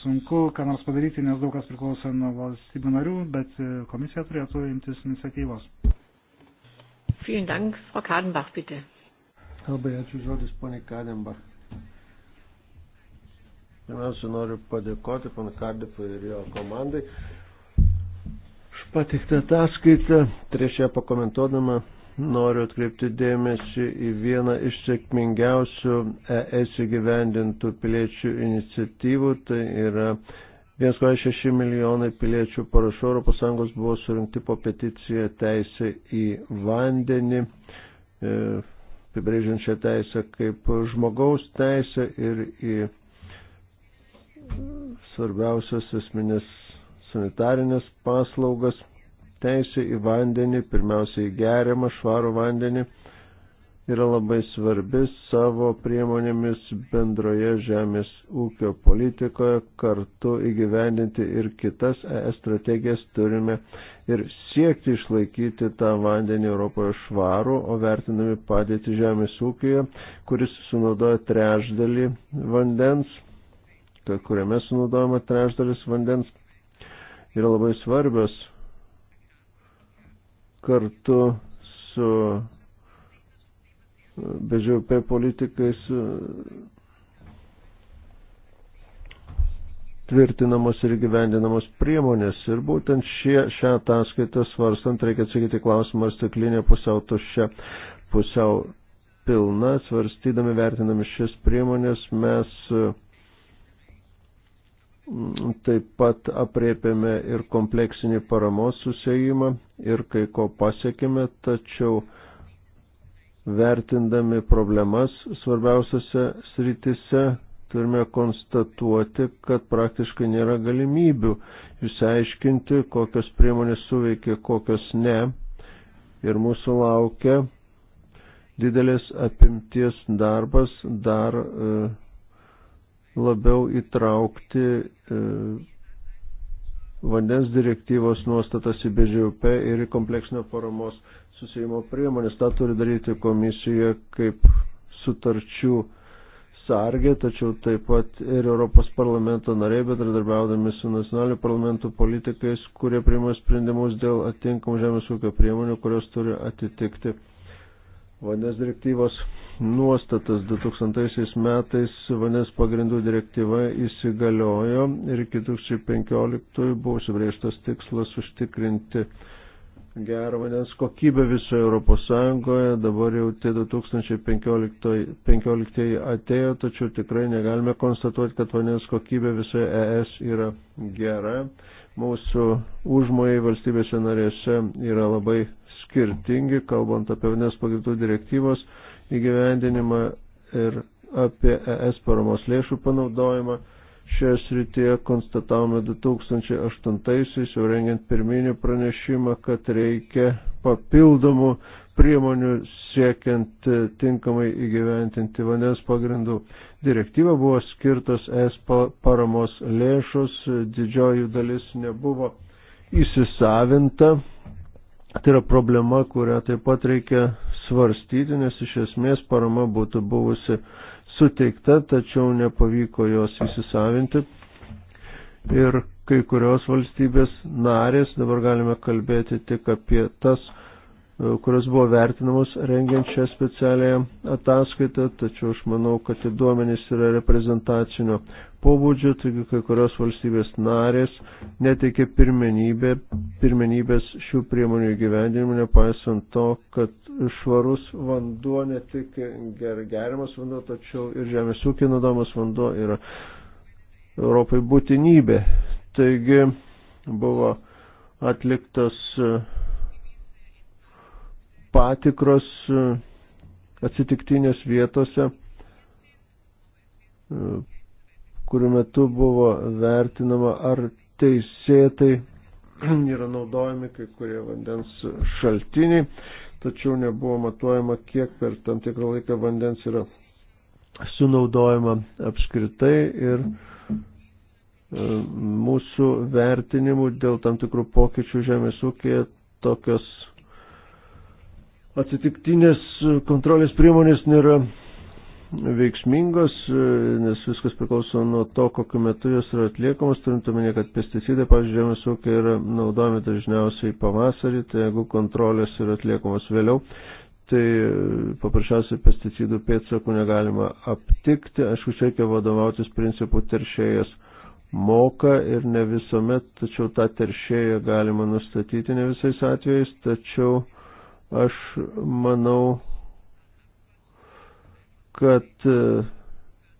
sunku ką nors padaryti, nes daug kas priklauso nuo valstybių narių, bet e, komisija turėtų imtis iniciatyvos. Vielen Dank, Frau Kadenbach, bitte. Labai ačiū žodis, ponė Kadenbach. Pirmiausia, noriu padėkoti pan Kardifui ir jo komandai. Aš patiktą ataskaitą, prieš ją pakomentuodama, noriu atkreipti dėmesį į vieną iš sėkmingiausių ES įgyvendintų piliečių iniciatyvų. Tai yra 1,6 milijonai piliečių parašų ES buvo surinkti po peticiją teisę į vandenį, e, apibrėžiančią teisę kaip žmogaus teisę ir į svarbiausias esminės sanitarinės paslaugas, teisė į vandenį, pirmiausiai geriamą švarų vandenį, yra labai svarbi savo priemonėmis bendroje žemės ūkio politikoje kartu įgyvendinti ir kitas ES strategijas turime ir siekti išlaikyti tą vandenį Europoje švarų, o vertinami padėti žemės ūkioje, kuris sunaudoja trešdalį vandens projektą, kuriame sunaudojama trešdalis vandens, yra labai svarbios kartu su e, BŽP politikais e, tvirtinamos ir gyvendinamos priemonės. Ir būtent šie, šią ataskaitą svarstant reikia atsakyti klausimą, ar stiklinė pusiau tuščia, pusiau pilna. Svarstydami, vertinami šias priemonės, mes e, Taip pat apriepėme ir kompleksinį paramos susijimą ir kai ko pasiekime, tačiau vertindami problemas svarbiausiose sritise turime konstatuoti, kad praktiškai nėra galimybių išsiaiškinti, kokios priemonės suveikia, kokios ne. Ir mūsų laukia didelės apimties darbas dar. E, labiau įtraukti e, vandens direktyvos nuostatas į BŽUP ir į kompleksinio paramos susijimo priemonės. Ta turi daryti komisija kaip sutarčių sargė, tačiau taip pat ir Europos parlamento nariai, bendradarbiaudami su nacionaliniu parlamentu politikais, kurie priima sprendimus dėl atinkamų žemės ūkio priemonių, kurios turi atitikti vandens direktyvos nuostatas 2000 metais vandens pagrindų direktyva įsigaliojo ir iki 2015 buvo užsibrėžtas tikslas užtikrinti gerą vandens kokybę visoje Europos Sąjungoje. Dabar jau tie 2015 atėjo, tačiau tikrai negalime konstatuoti, kad vandens kokybė visoje ES yra gera. Mūsų užmojai valstybėse narėse yra labai skirtingi, kalbant apie vandens pagrindų direktyvos įgyvendinimą ir apie ES paramos lėšų panaudojimą. Šioje srityje konstatavome 2008-aisiais, jau rengiant pirminį pranešimą, kad reikia papildomų priemonių siekiant e, tinkamai įgyventinti vandens pagrindų. Direktyva buvo skirtos ES paramos lėšos, e, didžioji dalis nebuvo įsisavinta. Tai yra problema, kurią taip pat reikia svarstyti, nes iš esmės parama būtų buvusi suteikta, tačiau nepavyko jos įsisavinti. Ir kai kurios valstybės narės, dabar galime kalbėti tik apie tas kurios buvo vertinamos rengiant šią specialią ataskaitą, tačiau aš manau, kad tie duomenys yra reprezentacinio pobūdžio, taigi kai kurios valstybės narės neteikė pirmenybė, pirmenybės šių priemonių įgyvendinimu, nepaisant to, kad švarus vanduo, ne tik ger, gerimas vanduo, tačiau ir žemės ūkio naudomas vanduo yra Europai būtinybė. Taigi buvo atliktas uh, patikros e, atsitiktinės vietose, e, kurių metu buvo vertinama, ar teisėtai yra naudojami kai kurie vandens šaltiniai, tačiau nebuvo matuojama, kiek per tam tikrą laiką vandens yra sunaudojama apskritai ir e, mūsų vertinimų dėl tam tikrų pokyčių žemės ūkėje tokios atsitiktinės kontrolės priemonės nėra veiksmingos, nes viskas priklauso nuo to, kokiu metu jos yra atliekamos. Turint omenyje, kad pesticidai, pavyzdžiui, žemės ūkiai yra naudojami dažniausiai pavasarį, tai jeigu kontrolės yra atliekamos vėliau, tai paprasčiausiai pesticidų pėdsakų negalima aptikti. Aišku, čia reikia vadovautis principų teršėjas moka ir ne visuomet, tačiau tą teršėją galima nustatyti ne visais atvejais, tačiau Aš manau, kad e,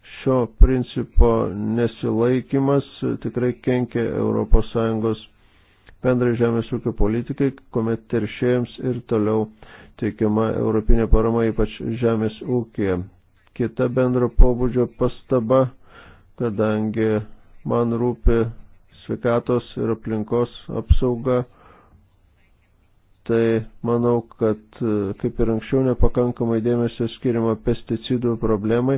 šio principo nesilaikimas tikrai kenkia ES bendrai žemės ūkio politikai, kuomet teršėjams ir toliau teikiama europinė parama, ypač žemės ūkija. Kita bendro pobūdžio pastaba, kadangi man rūpi sveikatos ir aplinkos apsauga tai manau, kad e, kaip ir anksčiau nepakankamai dėmesio skiriama pesticidų problemai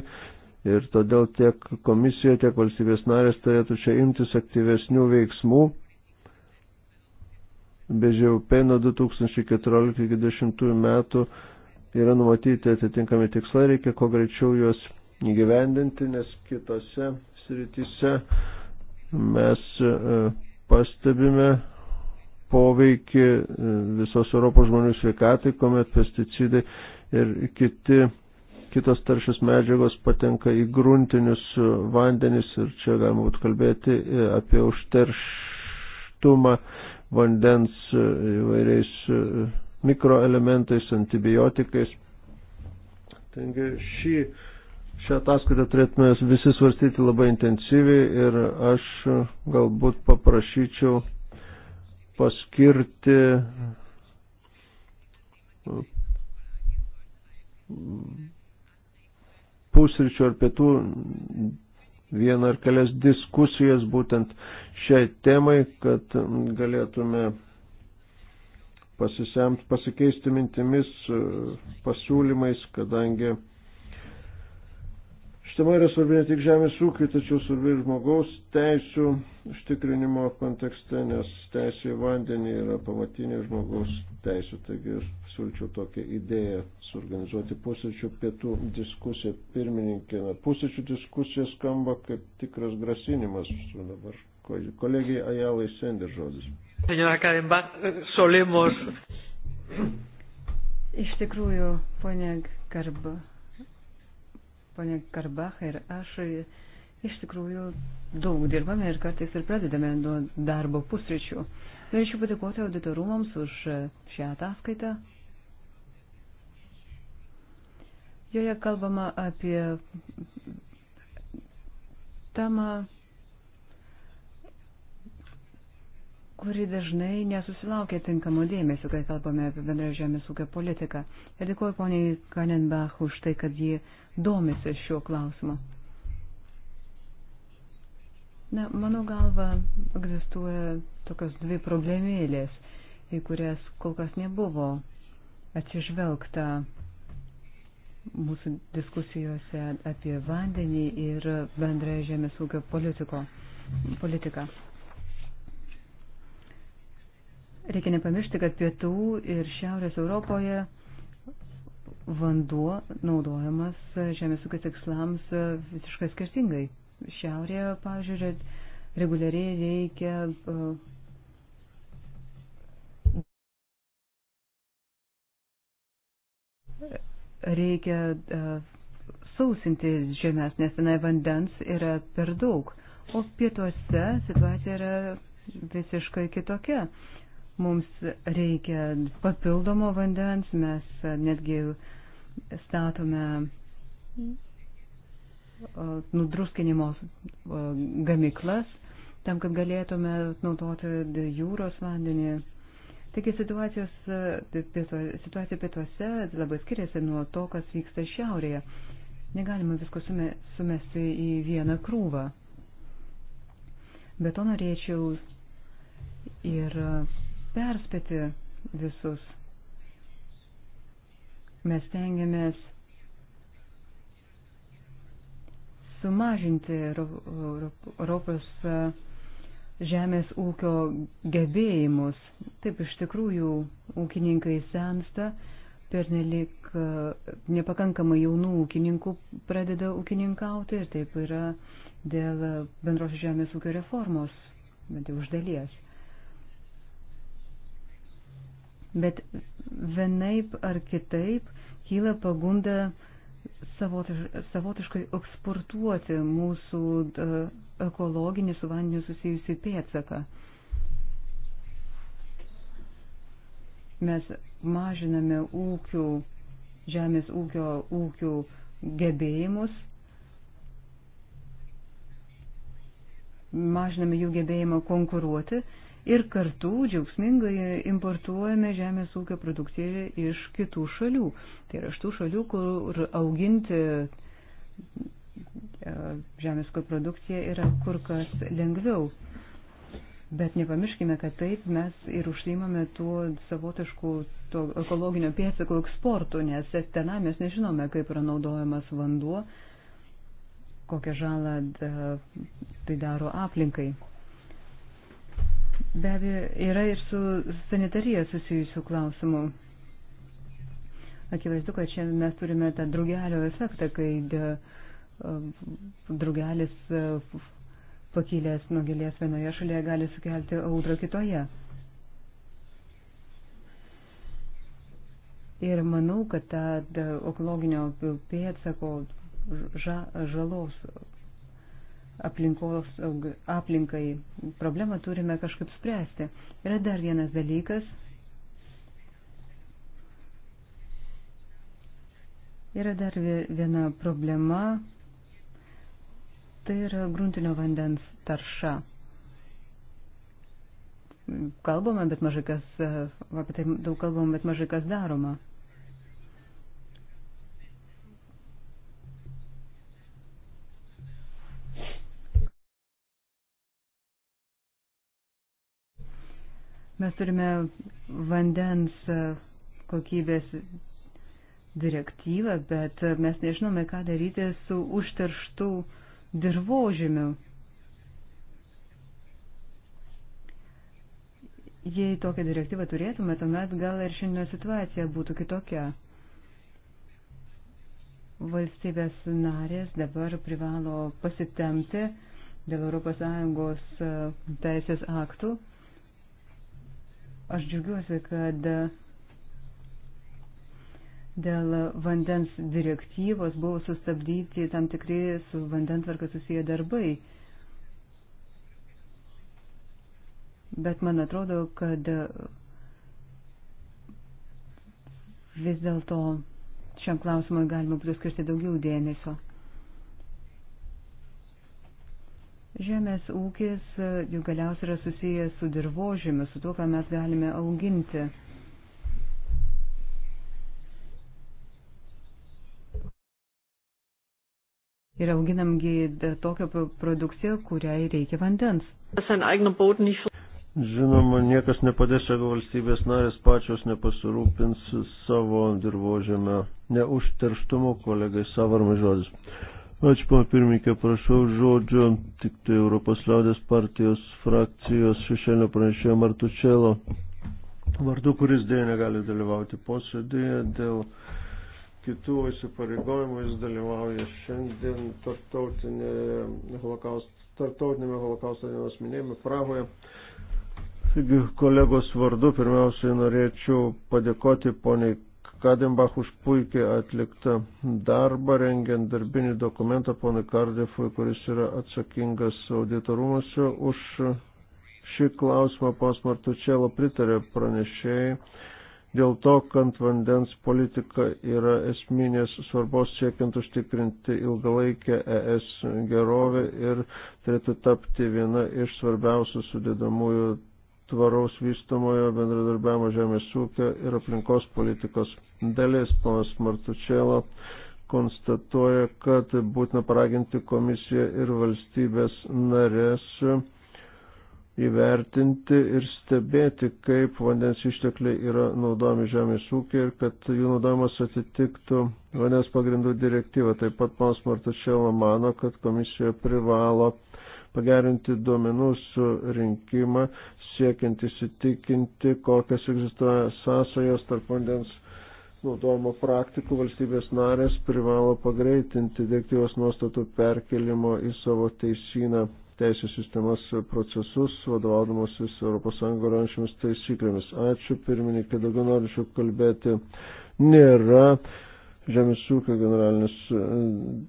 ir todėl tiek komisija, tiek valstybės narės turėtų čia imtis aktyvesnių veiksmų. BŽUP nuo 2014-2020 metų yra numatyti atitinkami tikslai, reikia kuo greičiau juos įgyvendinti, nes kitose sritise mes e, pastebime poveikį e, visos Europos žmonių sveikatai, kuomet pesticidai ir kiti, kitos taršios medžiagos patenka į gruntinius vandenis ir čia galima būtų kalbėti e, apie užterštumą vandens e, įvairiais mikroelementais, antibiotikais. Taigi šį, šią ataskaitą turėtume visi svarstyti labai intensyviai ir aš galbūt paprašyčiau paskirti pusryčių ar pietų vieną ar kelias diskusijas būtent šiai temai, kad galėtume pasisemt, pasikeisti mintimis, pasiūlymais, kadangi Sistema yra svarbi ne tik žemės ūkiai, tačiau svarbi ir žmogaus teisų užtikrinimo kontekste, nes teisė į vandenį yra pamatinė žmogaus teisų. Taigi aš siūlyčiau tokią idėją suorganizuoti pusėčių pietų diskusiją pirmininkė. Na, pusėčių diskusija skamba kaip tikras grasinimas su dabar. Kolegijai Ajalai Sender žodis. Senora Karimba, solemos. Iš tikrųjų, ponia Garba Pane Karbach ir aš iš tikrųjų daug dirbame ir kartais ir pradedame nuo darbo pusryčių. Norėčiau padėkoti auditorumams už šią ataskaitą. Joje kalbama apie temą, kuri dažnai nesusilaukia tinkamo dėmesio, kai kalbame apie bendrą žemės ūkio politiką. Ir dėkuoju poniai Kanenbach už tai, kad ji domisi šiuo klausimu. Na, mano galva, egzistuoja tokios dvi problemėlės, į kurias kol kas nebuvo atsižvelgta mūsų diskusijose apie vandenį ir bendrąją žemės ūkio politiko, politiką. Reikia nepamiršti, kad pietų ir šiaurės Europoje vanduo naudojamas žemės ūkio tikslams visiškai skirtingai. Šiaurėje, pavyzdžiui, reguliariai reikia e, reikia e, sausinti žemės, nes tenai vandens yra per daug. O pietuose situacija yra visiškai kitokia. Mums reikia papildomo vandens, mes netgi uh, statome nudruskinimo gamiklas, tam, kad galėtume naudoti jūros vandenį. Taigi situacijos, e, situacija pietuose labai skiriasi nuo to, kas vyksta šiaurėje. Negalima visko sumesti į vieną krūvą. Bet to norėčiau ir e, perspėti visus Mes tengiamės sumažinti Europos e, žemės ūkio gebėjimus. Taip iš tikrųjų ūkininkai sensta, pernelik e, nepakankamai jaunų ūkininkų pradeda ūkininkauti ir taip yra dėl bendros žemės ūkio reformos, bent jau už dalies. Bet vienaip ar kitaip kyla pagunda savotiškai eksportuoti mūsų e, ekologinį su vandeniu susijusi pėtsaką. Mes mažiname ūkių, žemės ūkio ūkių gebėjimus, mažiname jų gebėjimą konkuruoti ir kartu džiaugsmingai importuojame žemės ūkio produkciją iš kitų šalių. Tai yra iš tų šalių, kur auginti e, žemės ūkio produkciją yra kur kas lengviau. Bet nepamirškime, kad taip mes ir užsiimame tuo savotišku tuo ekologinio pėdsako eksportu, nes tenai mes nežinome, kaip yra naudojamas vanduo, kokią žalą e, tai daro aplinkai. Be abejo, yra ir su sanitarija susijusių klausimų. Akivaizdu, kad čia mes turime tą draugelio efektą, kai e, e, draugelis e, pakilęs nuo gėlės vienoje šalyje gali sukelti audrą kitoje. Ir manau, kad ta ekologinio pėdsako ža, žalos aplinkos, aplinkai. Problemą turime kažkaip spręsti. Yra dar vienas dalykas. Yra dar viena problema. Tai yra gruntinio vandens tarša. Kalbame, bet mažai kas, apie tai daug kalbame, bet mažai kas daroma. Mes turime vandens e, kokybės direktyvą, bet mes nežinome, ką daryti su užterštų dirbožėmiu. Jei tokią direktyvą turėtume, tuomet gal ir šiandien situacija būtų kitokia. Valstybės narės dabar privalo pasitemti dėl ES e, teisės aktų Aš džiaugiuosi, kad dėl vandens direktyvos buvo sustabdyti tam tikri su vandentvarka susiję darbai. Bet man atrodo, kad vis dėlto šiam klausimui galima priskirti daugiau dėmesio. Žemės ūkis e, jau galiausiai yra susijęs su dirbožėmiu, su tuo, ką mes galime auginti. Ir auginamgi e, tokią produkciją, kuriai reikia vandens. Žinoma, niekas nepadės, jeigu valstybės narės pačios nepasirūpins savo dirbožėmio neužterštumo, kolegai savarmai žodis. Ačiū, pana pirmininkė, prašau žodžio tik tai Europos liaudės partijos frakcijos šešėlio pranešėjo Martučelo vardu, kuris dėja negali dalyvauti posėdėje dėl kitų įsipareigojimų, jis dalyvauja šiandien holokaust, tarptautinėme holokausto dienos minėjime Prahoje. Taigi, kolegos vardu pirmiausiai norėčiau padėkoti poniai Kadimbach už puikiai atliktą darbą, rengiant darbinį dokumentą ponui Kardifui, kuris yra atsakingas auditorumuose už šį klausimą. Pons Martučėlo pritarė pranešėjai dėl to, kad vandens politika yra esminės svarbos siekiant užtikrinti ilgalaikę ES gerovę ir turėtų tapti viena iš svarbiausių sudėdamųjų tvaraus vystomojo bendradarbiavimo žemės ūkio ir aplinkos politikos dalis. Ponas Martučėlo konstatuoja, kad būtina paraginti komisiją ir valstybės narės įvertinti ir stebėti, kaip vandens ištekliai yra naudojami žemės ūkiai ir kad jų naudojimas atitiktų vandens pagrindų direktyvą. Taip pat panas Martušėlą mano, kad komisija privalo pagerinti duomenų surinkimą, siekiant įsitikinti, kokias egzistuoja sąsajos tarp vandens naudojimo praktikų valstybės narės privalo pagreitinti direktyvos nuostatų perkelimo į savo teisyną teisės sistemas procesus, vadovaudamosis ES galiojančiomis taisyklėmis. Ačiū, pirmininkai, daugiau norinčių kalbėti nėra. Žemės ūkio generalinis e,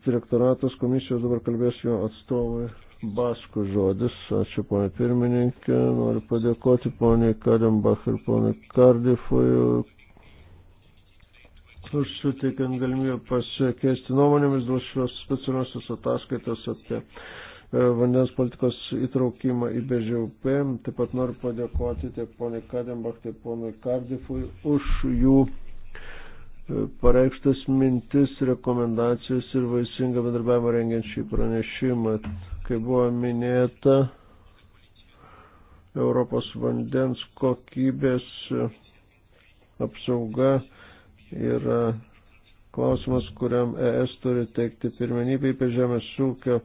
direktoratas komisijos dabar kalbės jo atstovai baskų žodis. Ačiū, ponė pirmininkė. Noriu padėkoti ponė Karimbach ir ponė Kardifui už suteikiant galimybę pasikeisti nuomonėmis dėl šios specialiosios ataskaitos apie e, vandens politikos įtraukimą į BŽUP. Taip pat noriu padėkoti tiek ponė Karimbach, tiek ponui Kardifui už jų e, pareikštas mintis, rekomendacijas ir vaisingą bendarbiavimą rengiant šį pranešimą. Kai buvo minėta Europos vandens kokybės apsauga yra klausimas, kuriam ES turi teikti pirmenybę, ypač žemės ūkio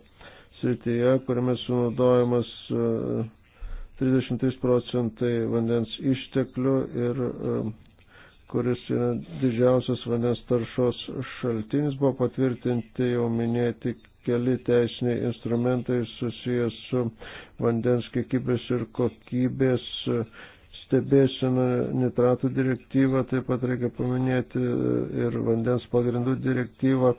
srityje, kuriame sunaudojamas 33 e, procentai vandens išteklių ir e, kuris yra didžiausias vandens taršos šaltinis, buvo patvirtinti jau minėti keli teisiniai instrumentai susijęs su vandens kiekybės ir kokybės stebėsena nitratų direktyva, taip pat reikia paminėti ir vandens pagrindų direktyvą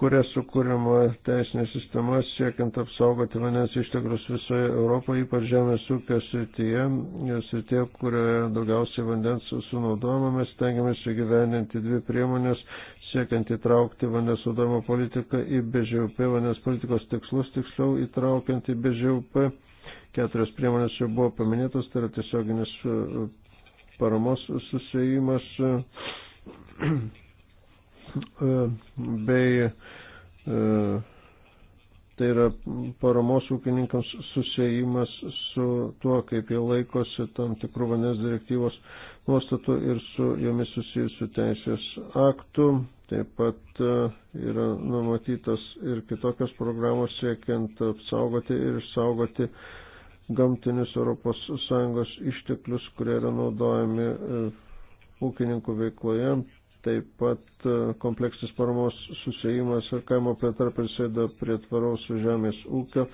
kuria sukūrima teisinė sistema siekiant apsaugoti vandens išteklius visoje Europoje, ypač žemės ūkio srityje, srityje, kurioje daugiausiai vandens sunaudojama, mes tengiamės įgyveninti dvi priemonės siekiant įtraukti vandens sudarmo politiką į BŽUP, vandens politikos tikslus tiksliau įtraukiant į BŽUP. Keturios priemonės jau buvo paminėtos, tai yra tiesioginis e, paramos susijimas e, bei e, tai yra paramos ūkininkams susijimas su tuo, kaip jie laikosi tam tikrų vandens direktyvos nuostatų ir su jomis susijusių teisės aktų. Taip pat e, yra numatytos ir kitokios programos siekiant apsaugoti ir išsaugoti gamtinius ES išteklius, kurie yra naudojami e, ūkininkų veikloje. Taip pat e, kompleksinis paramos susijimas ir kaimo plėtra prisėda prie tvaraus žemės ūkio,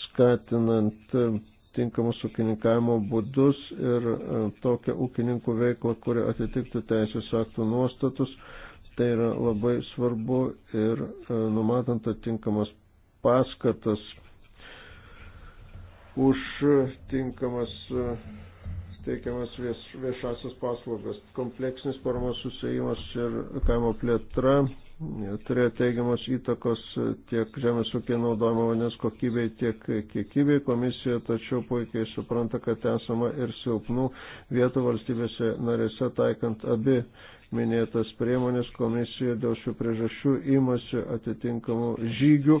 skatinant tinkamus ūkininkavimo būdus ir tokią ūkininkų veiklą, kuri atitiktų teisės aktų nuostatus Tai yra labai svarbu ir e, numatant atitinkamas paskatas už tinkamas e, teikiamas vieš, viešasis paslaugas. Kompleksinis paramos susijimas ir kaimo plėtra turėjo teigiamas įtakos tiek žemės ūkio naudojimo vandens kokybei, tiek kiekybei komisija, tačiau puikiai supranta, kad esama ir silpnų vietų valstybėse narėse taikant abi minėtas priemonės komisija dėl šių priežasčių imasi atitinkamų žygių,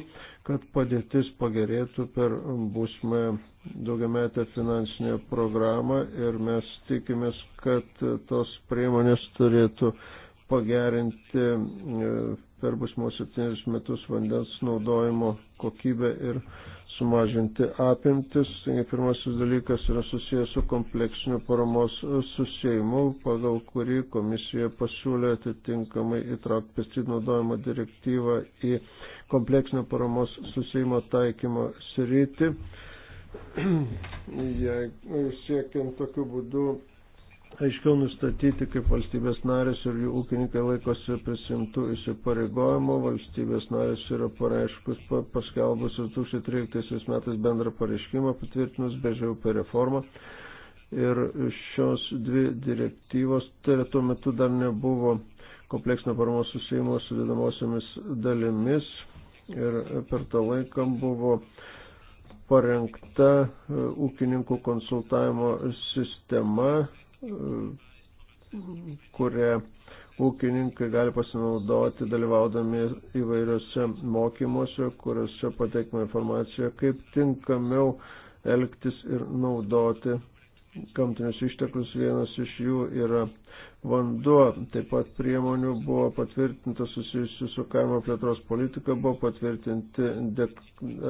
kad padėtis pagerėtų per būsimą daugiametę finansinę programą ir mes tikimės, kad tos priemonės turėtų pagerinti e, per būsimus septynis metus vandens naudojimo kokybę ir sumažinti apimtis. Taigi pirmasis dalykas yra susijęs su kompleksiniu paramos susijimu, pagal kurį komisija pasiūlė atitinkamai įtraukti pesticidų naudojimo direktyvą į kompleksinio paramos susijimo taikymo sritį. Jei siekiant tokiu būdu aiškiau nustatyti, kaip valstybės narės ir jų ūkininkai laikosi prisimtų įsipareigojimų. Valstybės narės yra pareiškus paskelbusios 2013 metais bendrą pareiškimą patvirtinus BŽUP reformą. Ir šios dvi direktyvos, tai tuo metu dar nebuvo kompleksinio paramos susijimo sudėdamosiomis dalimis ir per tą laiką buvo parengta e, ūkininkų konsultavimo sistema, kurie ūkininkai gali pasinaudoti dalyvaudami įvairiose mokymuose, kuriuose pateikime informaciją, kaip tinkamiau elgtis ir naudoti gamtinius išteklius. Vienas iš jų yra vanduo. Taip pat priemonių buvo patvirtinta susijusių su kaimo plėtros politika, buvo patvirtinti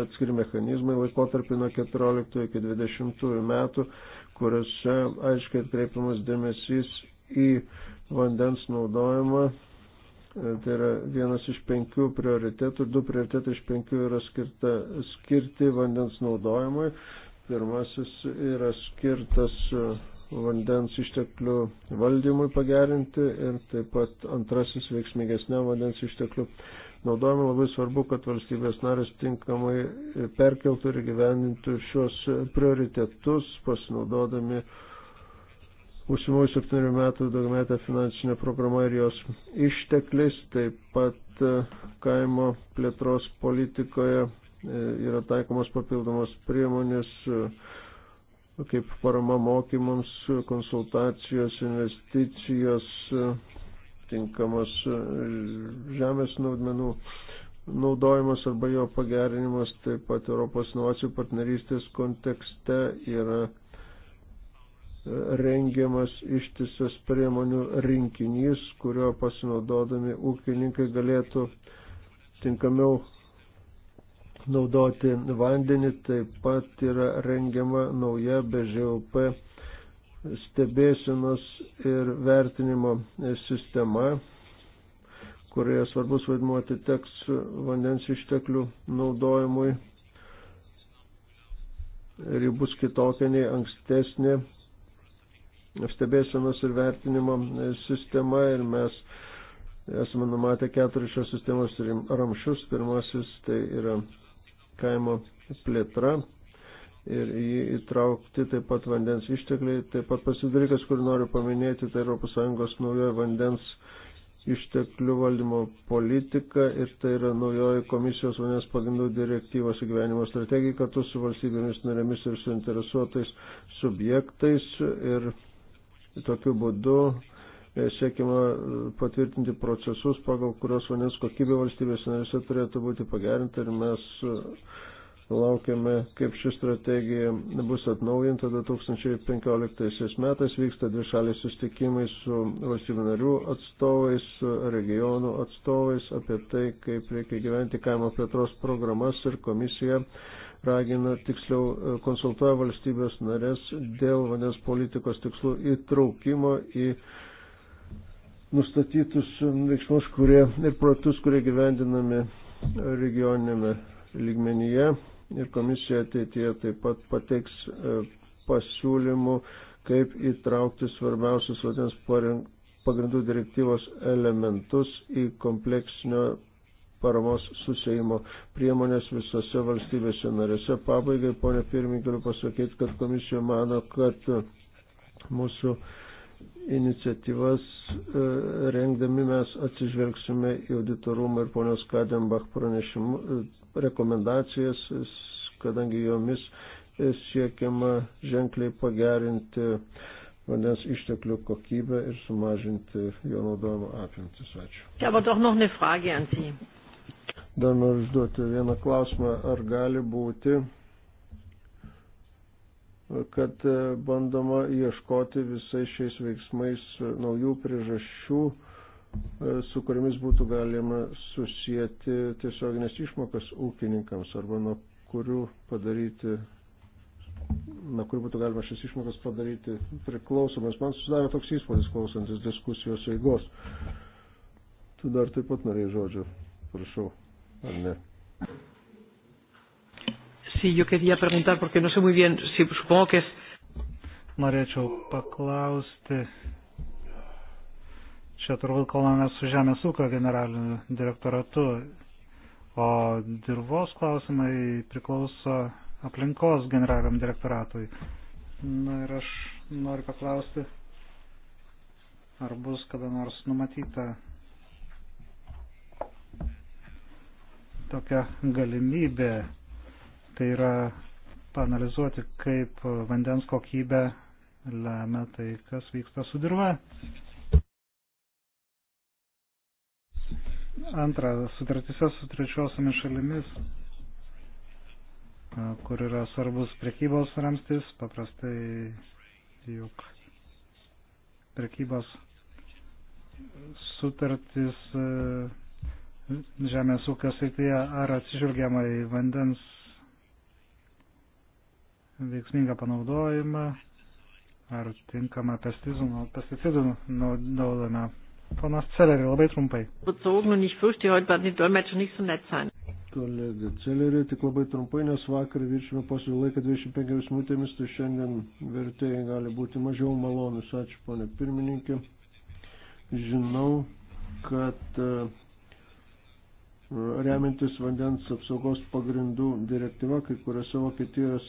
atskiri mechanizmai laikotarpį nuo 14 iki 20 metų kuriuose aiškiai atkreipiamas dėmesys į vandens naudojimą. E, tai yra vienas iš penkių prioritetų, du prioritetai iš penkių yra skirta, skirti vandens naudojimui. Pirmasis yra skirtas e, vandens išteklių valdymui pagerinti ir taip pat antrasis veiksmingesnė vandens išteklių naudojami, labai svarbu, kad valstybės narės tinkamai perkeltų ir gyvenintų šios prioritetus, pasinaudodami būsimųjų septynių metų daugiametę finansinę programą ir jos ištekliais, taip pat e, kaimo plėtros politikoje e, yra taikomos papildomos priemonės e, kaip parama mokymams, konsultacijos, investicijos tinkamas e, žemės naudmenų naudojimas arba jo pagerinimas, taip pat Europos inovacijų partnerystės kontekste yra e, rengiamas ištisas priemonių rinkinys, kurio pasinaudodami ūkininkai galėtų tinkamiau naudoti vandenį, taip pat yra rengiama nauja BŽUP stebėsinos ir vertinimo sistema, kurioje svarbus vaidmuo atiteks vandens išteklių naudojimui ir ji bus kitokia nei ankstesnė stebėsinos ir vertinimo sistema ir mes esame numatę keturis šios sistemos ramšius. Pirmasis tai yra kaimo plėtra, ir jį įtraukti taip pat vandens ištekliai. Taip pat pasidarykas, kurį noriu paminėti, tai ES naujoji vandens išteklių valdymo politika ir tai yra naujoji komisijos vandens pagrindų direktyvos įgyvenimo strategija kartu su valstybėmis narėmis ir suinteresuotais subjektais ir tokiu būdu e, siekiama patvirtinti procesus, pagal kurios vandens kokybė valstybės narėse turėtų būti pagerinta ir mes Laukiame, kaip ši strategija bus atnaujinta 2015 metais. Vyksta dvišaliai sustikimai su valstybių narių atstovais, regionų atstovais apie tai, kaip reikia gyventi kaimo plėtros programas ir komisija ragina, tiksliau konsultuoja valstybės narės dėl vandens politikos tikslų įtraukimo į nustatytus veiksmus kurie, ir projektus, kurie gyvendinami regioninėme lygmenyje ir komisija ateityje taip pat pateiks e, pasiūlymų, kaip įtraukti svarbiausius vandens pagrindų direktyvos elementus į kompleksinio paramos susėjimo priemonės visose valstybėse narėse. Pabaigai, ponė pirmininkė, galiu pasakyti, kad komisija mano, kad mūsų uh, iniciatyvas e, rengdami mes atsižvelgsime į auditorumą ir ponios Kadenbach pranešimų e, rekomendacijas, kadangi jomis e, siekiama ženkliai pagerinti vandens išteklių kokybę ir sumažinti jo naudojimo apimtis. Ačiū. Dar noriu užduoti vieną klausimą, ar gali būti kad e, bandoma ieškoti visais šiais veiksmais e, naujų priežasčių, e, su kuriamis būtų galima susijęti tiesioginės išmokas ūkininkams arba nuo kurių padaryti na, kur būtų galima šis išmokas padaryti priklausomas. Man susidarė toks įspūdis klausantis diskusijos eigos. Tu dar taip pat norėjai žodžio, prašau, ar ne? y yo quería preguntar, porque no sé muy bien, si supongo que es. Norėčiau paklausti. Čia turbūt kalbame su Žemės ūkio generaliniu direktoratu, o dirbos klausimai priklauso aplinkos generaliniam direktoratui. Na ir aš noriu paklausti, ar bus kada nors numatyta tokia galimybė tai yra panalizuoti, kaip vandens kokybę lemia tai, kas vyksta su dirva. Antra, sutartise su trečiosiomis šalimis, kur yra svarbus prekybos ramstis, paprastai juk prekybos sutartis žemės ūkio srityje ar atsižvelgiama į vandens veiksmingą panaudojimą ar tinkamą pesticidų naudojimą. Ponas Celerį, labai trumpai. Kolega Celerį, tik labai trumpai, nes vakar viršime posėdžio laiką 25 minutėmis, tai šiandien vertėjai gali būti mažiau malonus. Ačiū, ponė pirmininkė. Žinau, kad e, remiantis vandens apsaugos pagrindų direktyva, kai kuriuose Vokietijos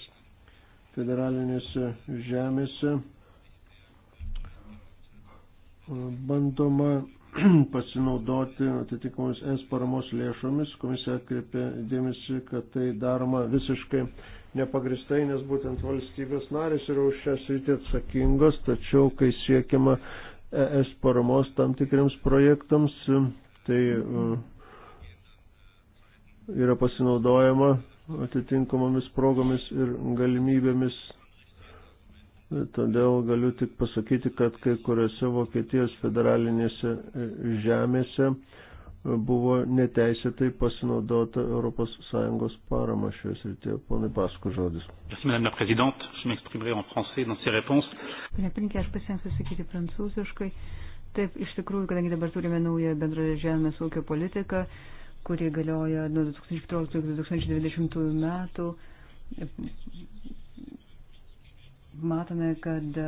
federalinėse žemėse bandoma pasinaudoti atitinkamomis S paramos lėšomis. Komisija atkreipė dėmesį, kad tai daroma visiškai nepagristai, nes būtent valstybės narės yra už šią sritį atsakingos, tačiau kai siekiama ES paramos tam tikriams projektams, tai e, yra pasinaudojama atitinkamomis progomis ir galimybėmis. Todėl galiu tik pasakyti, kad kai kuriuose Vokietijos federalinėse žemėse buvo neteisėtai pasinaudota ES parama šioje srityje. Ponai Paskų žodis. Pane Prinkė, aš pasistengsiu sakyti prancūziškai. Taip, iš tikrųjų, kadangi dabar turime naują bendrą žemės ūkio politiką, kuri galioja nuo 2014-2020 metų. Matome, kad e,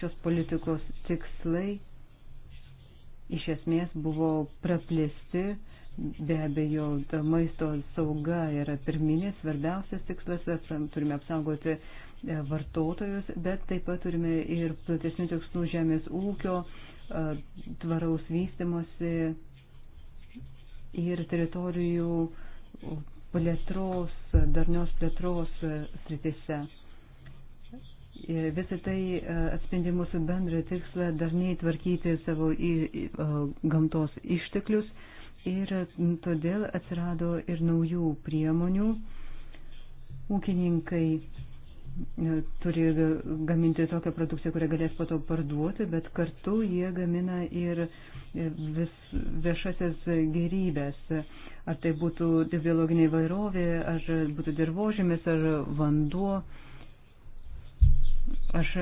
šios politikos tikslai iš esmės buvo praplėsti, be abejo, maisto sauga yra pirminė, svarbiausias tikslas, turime apsaugoti e, vartotojus, bet taip pat turime ir platesnių tikslų žemės ūkio, e, tvaraus vystimosi ir teritorijų plėtros, darnios plėtros sritise. Ir visą tai e, atspindi mūsų bendrą tikslą darniai tvarkyti savo į, į, e, gamtos išteklius ir todėl atsirado ir naujų priemonių. Ūkininkai E, turi gaminti tokią produkciją, kurią galės po to parduoti, bet kartu jie gamina ir e, vis, viešasias gerybės. Ar tai būtų biologinė įvairovė, ar būtų dirbožėmis, ar vanduo. Aš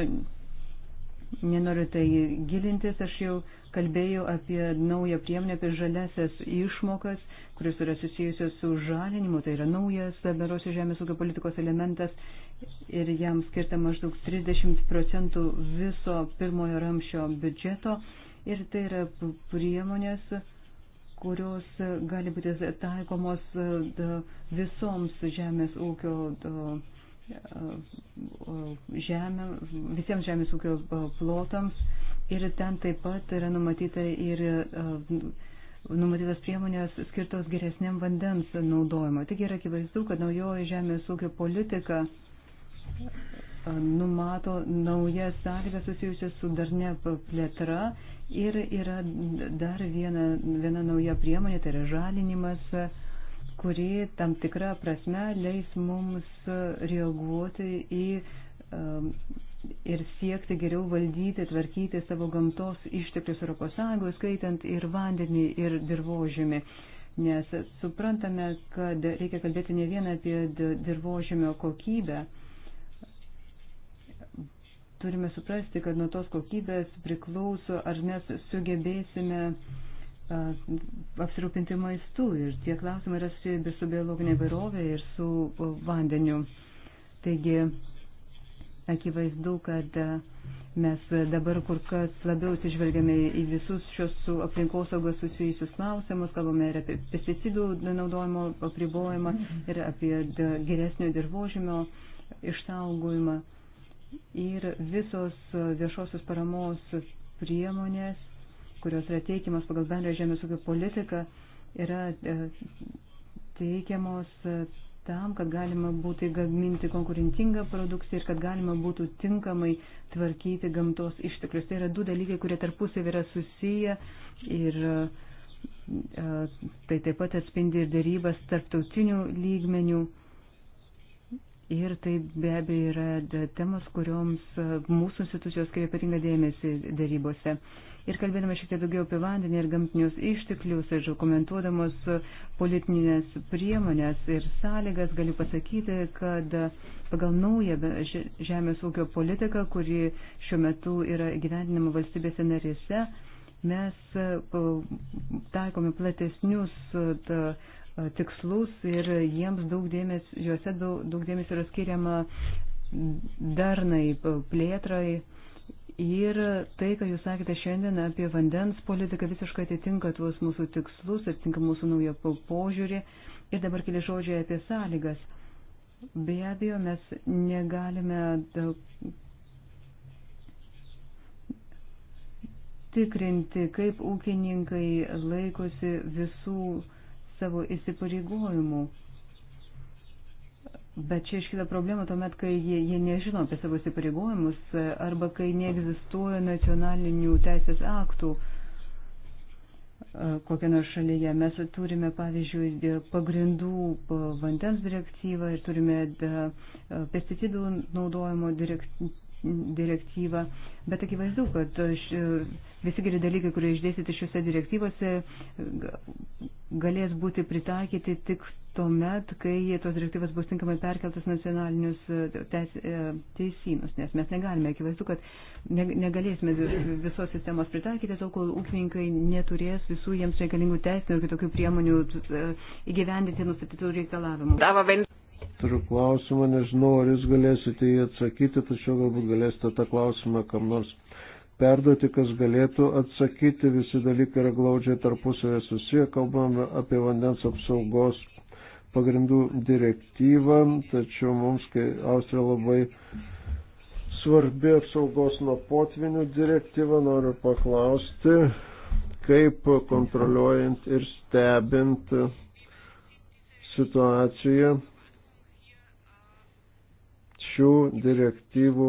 nenoriu tai gilintis, aš jau kalbėjau apie naują priemonę, apie žaliasias išmokas, kuris yra susijusios su žalinimu, tai yra naujas darosios žemės ūkio politikos elementas ir jam skirta maždaug 30 procentų viso pirmojo ramšio biudžeto ir tai yra priemonės, kurios gali būti taikomos e, visoms žemės ūkio e, žemė, visiems žemės ūkio e, plotams ir ten taip pat yra numatyta ir numatytas priemonės skirtos geresniam vandens naudojimo. Taigi yra akivaizdu, kad naujoji žemės ūkio politika uh, numato naujas sąlygas susijusias su darne plėtra ir yra dar viena, viena nauja priemonė, tai yra žalinimas, kuri tam tikrą prasme leis mums reaguoti į um, ir siekti geriau valdyti, tvarkyti savo gamtos išteklius Europos Sąjungoje, skaitant ir vandenį, ir dirbožymį nes suprantame, kad reikia kalbėti ne vien apie dirbožėmio kokybę, turime suprasti, kad nuo tos kokybės priklauso, ar mes sugebėsime apsirūpinti maistu ir tie klausimai yra susiję su biologinė vairovė ir su vandeniu. Taigi, akivaizdu, kad mes dabar kur kas labiau atsižvelgiame į visus šios su aplinkosaugos susijusius klausimus, kalbame ir apie pesticidų naudojimo apribojimą ir apie geresnio dirbožymio išsaugojimą ir visos viešosios paramos priemonės, kurios yra teikiamos pagal bendrą žemės ūkio politiką, yra e, teikiamos e, tam, kad galima būtų gaminti konkurencingą produkciją ir kad galima būtų tinkamai tvarkyti gamtos išteklius. Tai yra du dalykai, kurie tarpusavį yra susiję ir e, tai taip pat atspindi ir darybas tarptautinių lygmenių. Ir tai be abejo yra temos, kurioms e, mūsų institucijos skiria ypatingą dėmesį darybose. Ir kalbėdama šiek tiek daugiau apie vandenį ir gamtinius išteklius, ir komentuodamos politinės priemonės ir sąlygas, galiu pasakyti, kad pagal naują žemės ūkio politiką, kuri šiuo metu yra gyvendinama valstybėse narėse, mes e, taikome platesnius. E, ta, E, tikslus ir jiems daug dėmesio, juose daug, daug dėmesio yra skiriama darnai plėtrai. Ir tai, ką jūs sakėte šiandien apie vandens politiką, visiškai atitinka tuos mūsų tikslus, atitinka mūsų naują požiūrį. Ir dabar keli žodžiai apie sąlygas. Be abejo, mes negalime tikrinti, kaip ūkininkai laikosi visų savo įsipareigojimų. Bet čia iškyla problema tuomet, kai jie, jie nežino apie savo įsipareigojimus arba kai neegzistuoja nacionalinių teisės aktų e, kokią nors šalyje. Mes turime, pavyzdžiui, pagrindų vandens direktyvą ir turime e, pesticidų naudojimo direktyvą direktyvą, bet akivaizdu, kad ši, visi geri dalykai, kurie išdėstyti šiuose direktyvose, galės būti pritaikyti tik tuomet, kai tos direktyvos bus tinkamai perkeltas nacionalinius e, teis, e, teisynus, nes mes negalime, akivaizdu, kad negalėsime visos sistemos pritaikyti, tol kol ūkininkai neturės visų jiems reikalingų teisinių ir kitokių priemonių e, įgyvendinti nustatytų reikalavimų turiu klausimą, nežinau, ar jūs galėsite jį atsakyti, tačiau galbūt galėsite tą klausimą kam nors perduoti, kas galėtų atsakyti. Visi dalykai yra glaudžiai tarpusavė susiję, kalbame apie vandens apsaugos pagrindų direktyvą, tačiau mums, kai Austrija labai svarbi apsaugos nuo potvinių direktyva, noriu paklausti, kaip kontroliuojant ir stebint situaciją šių direktyvų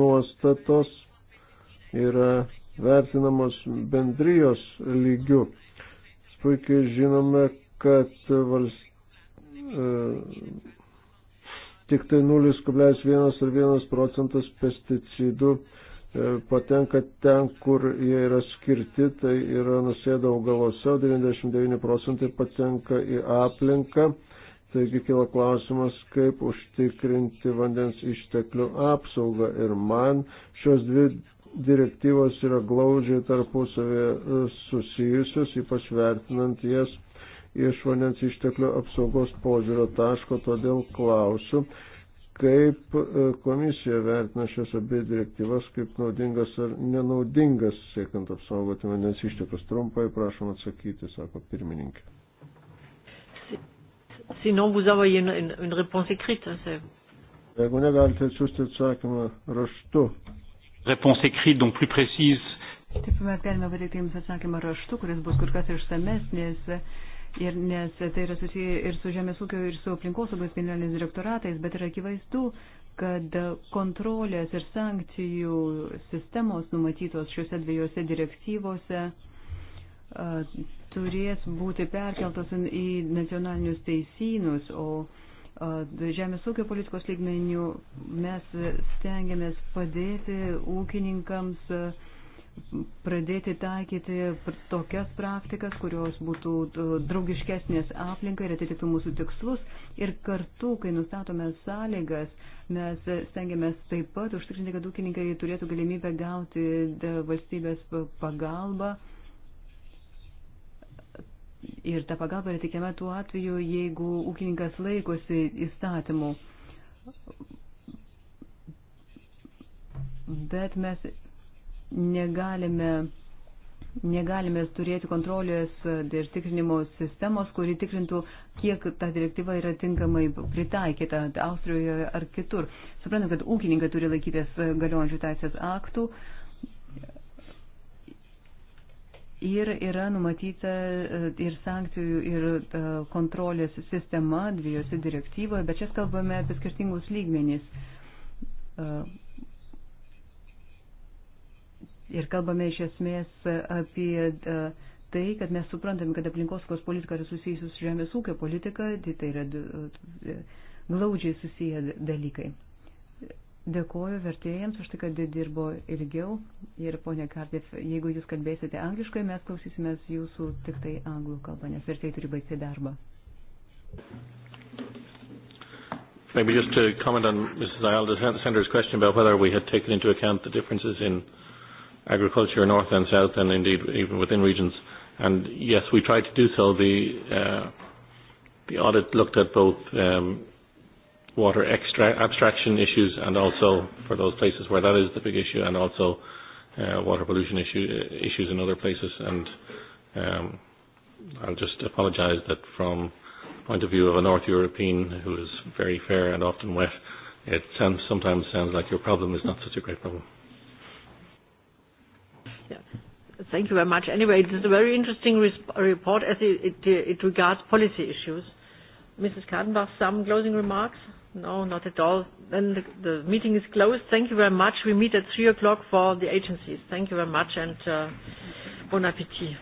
nuostatos yra vertinamos bendrijos lygių. Mes puikiai žinome, kad valst... E, tik tai 0,1 ar 1 procentas pesticidų e, patenka ten, kur jie yra skirti, tai yra nusėda augaluose, 99 procentai patenka į aplinką. Taigi kilo klausimas, kaip užtikrinti vandens išteklių apsaugą. Ir man šios dvi direktyvos yra glaudžiai tarpusavėje e, susijusios, ypač vertinant jas iš vandens išteklių apsaugos požiūrio taško. Todėl klausiu, kaip e, komisija vertina šias abi direktyvas, kaip naudingas ar nenaudingas, siekiant apsaugoti vandens išteklius. Trumpai prašom atsakyti, sako pirmininkė. Sinon, vous envoyez une, une, une réponse écrite. Jeigu negalite atsiųsti atsakymą raštu. Réponse écrite, donc plus précise. Taip, mes galime pateikti jums atsakymą raštu, kuris bus kur kas išsamesnis. Ir nes tai yra susiję ir su žemės ūkio, ir su aplinkosaugos generaliniais direktoratais, bet yra akivaizdu, kad kontrolės ir sankcijų sistemos numatytos šiuose dviejose direktyvose turės būti perkeltos į nacionalinius teisynus, o žemės ūkio politikos lygmenių mes stengiamės padėti ūkininkams pradėti taikyti tokias praktikas, kurios būtų draugiškesnės aplinkai ir atitiktų mūsų tikslus. Ir kartu, kai nustatome sąlygas, mes stengiamės taip pat užtikrinti, kad ūkininkai turėtų galimybę gauti valstybės pagalbą Ir ta pagalba yra tikiama tuo atveju, jeigu ūkininkas laikosi įstatymų. Bet mes negalime, negalime turėti kontrolės ir tikrinimo sistemos, kuri tikrintų, kiek ta direktyva yra tinkamai pritaikyta Austrijoje ar kitur. Suprantu, kad ūkininkai turi laikytis galiojančių teisės aktų, uh, ir yra numatyta e, ir sankcijų, ir e, kontrolės sistema dviejose direktyvoje, bet čia kalbame apie skirtingus lygmenys. E, ir kalbame iš esmės apie tai, kad mes suprantam, kad aplinkosaugos politika yra susijusi su žemės ūkio politika, tai yra glaudžiai susiję dalykai. Dėkuoju vertėjams už tai, kad dirbo ilgiau. Ir ponia Kardif, jeigu jūs kalbėsite angliškai, mes klausysimės jūsų tik tai anglų kalbą, nes vertėjai turi baigti darbą. Maybe just to comment on Mrs. Ayala Sender's question about whether we had taken into account the differences in agriculture north and south and indeed even within regions. And yes, we tried to do so. The, uh, the audit looked at both um, water extra- abstraction issues and also for those places where that is the big issue and also uh, water pollution issue, uh, issues in other places. And um, I'll just apologise that from the point of view of a North European who is very fair and often wet, it sounds, sometimes sounds like your problem is not such a great problem. Yeah. Thank you very much. Anyway, it is a very interesting resp- report as it, it, it regards policy issues. Mrs. Kadenbach, some closing remarks? Uh, No, not at all. Then the, the meeting is closed. Thank you very much. We meet at 3 o'clock for the agencies. Thank you very much and uh, bon appétit.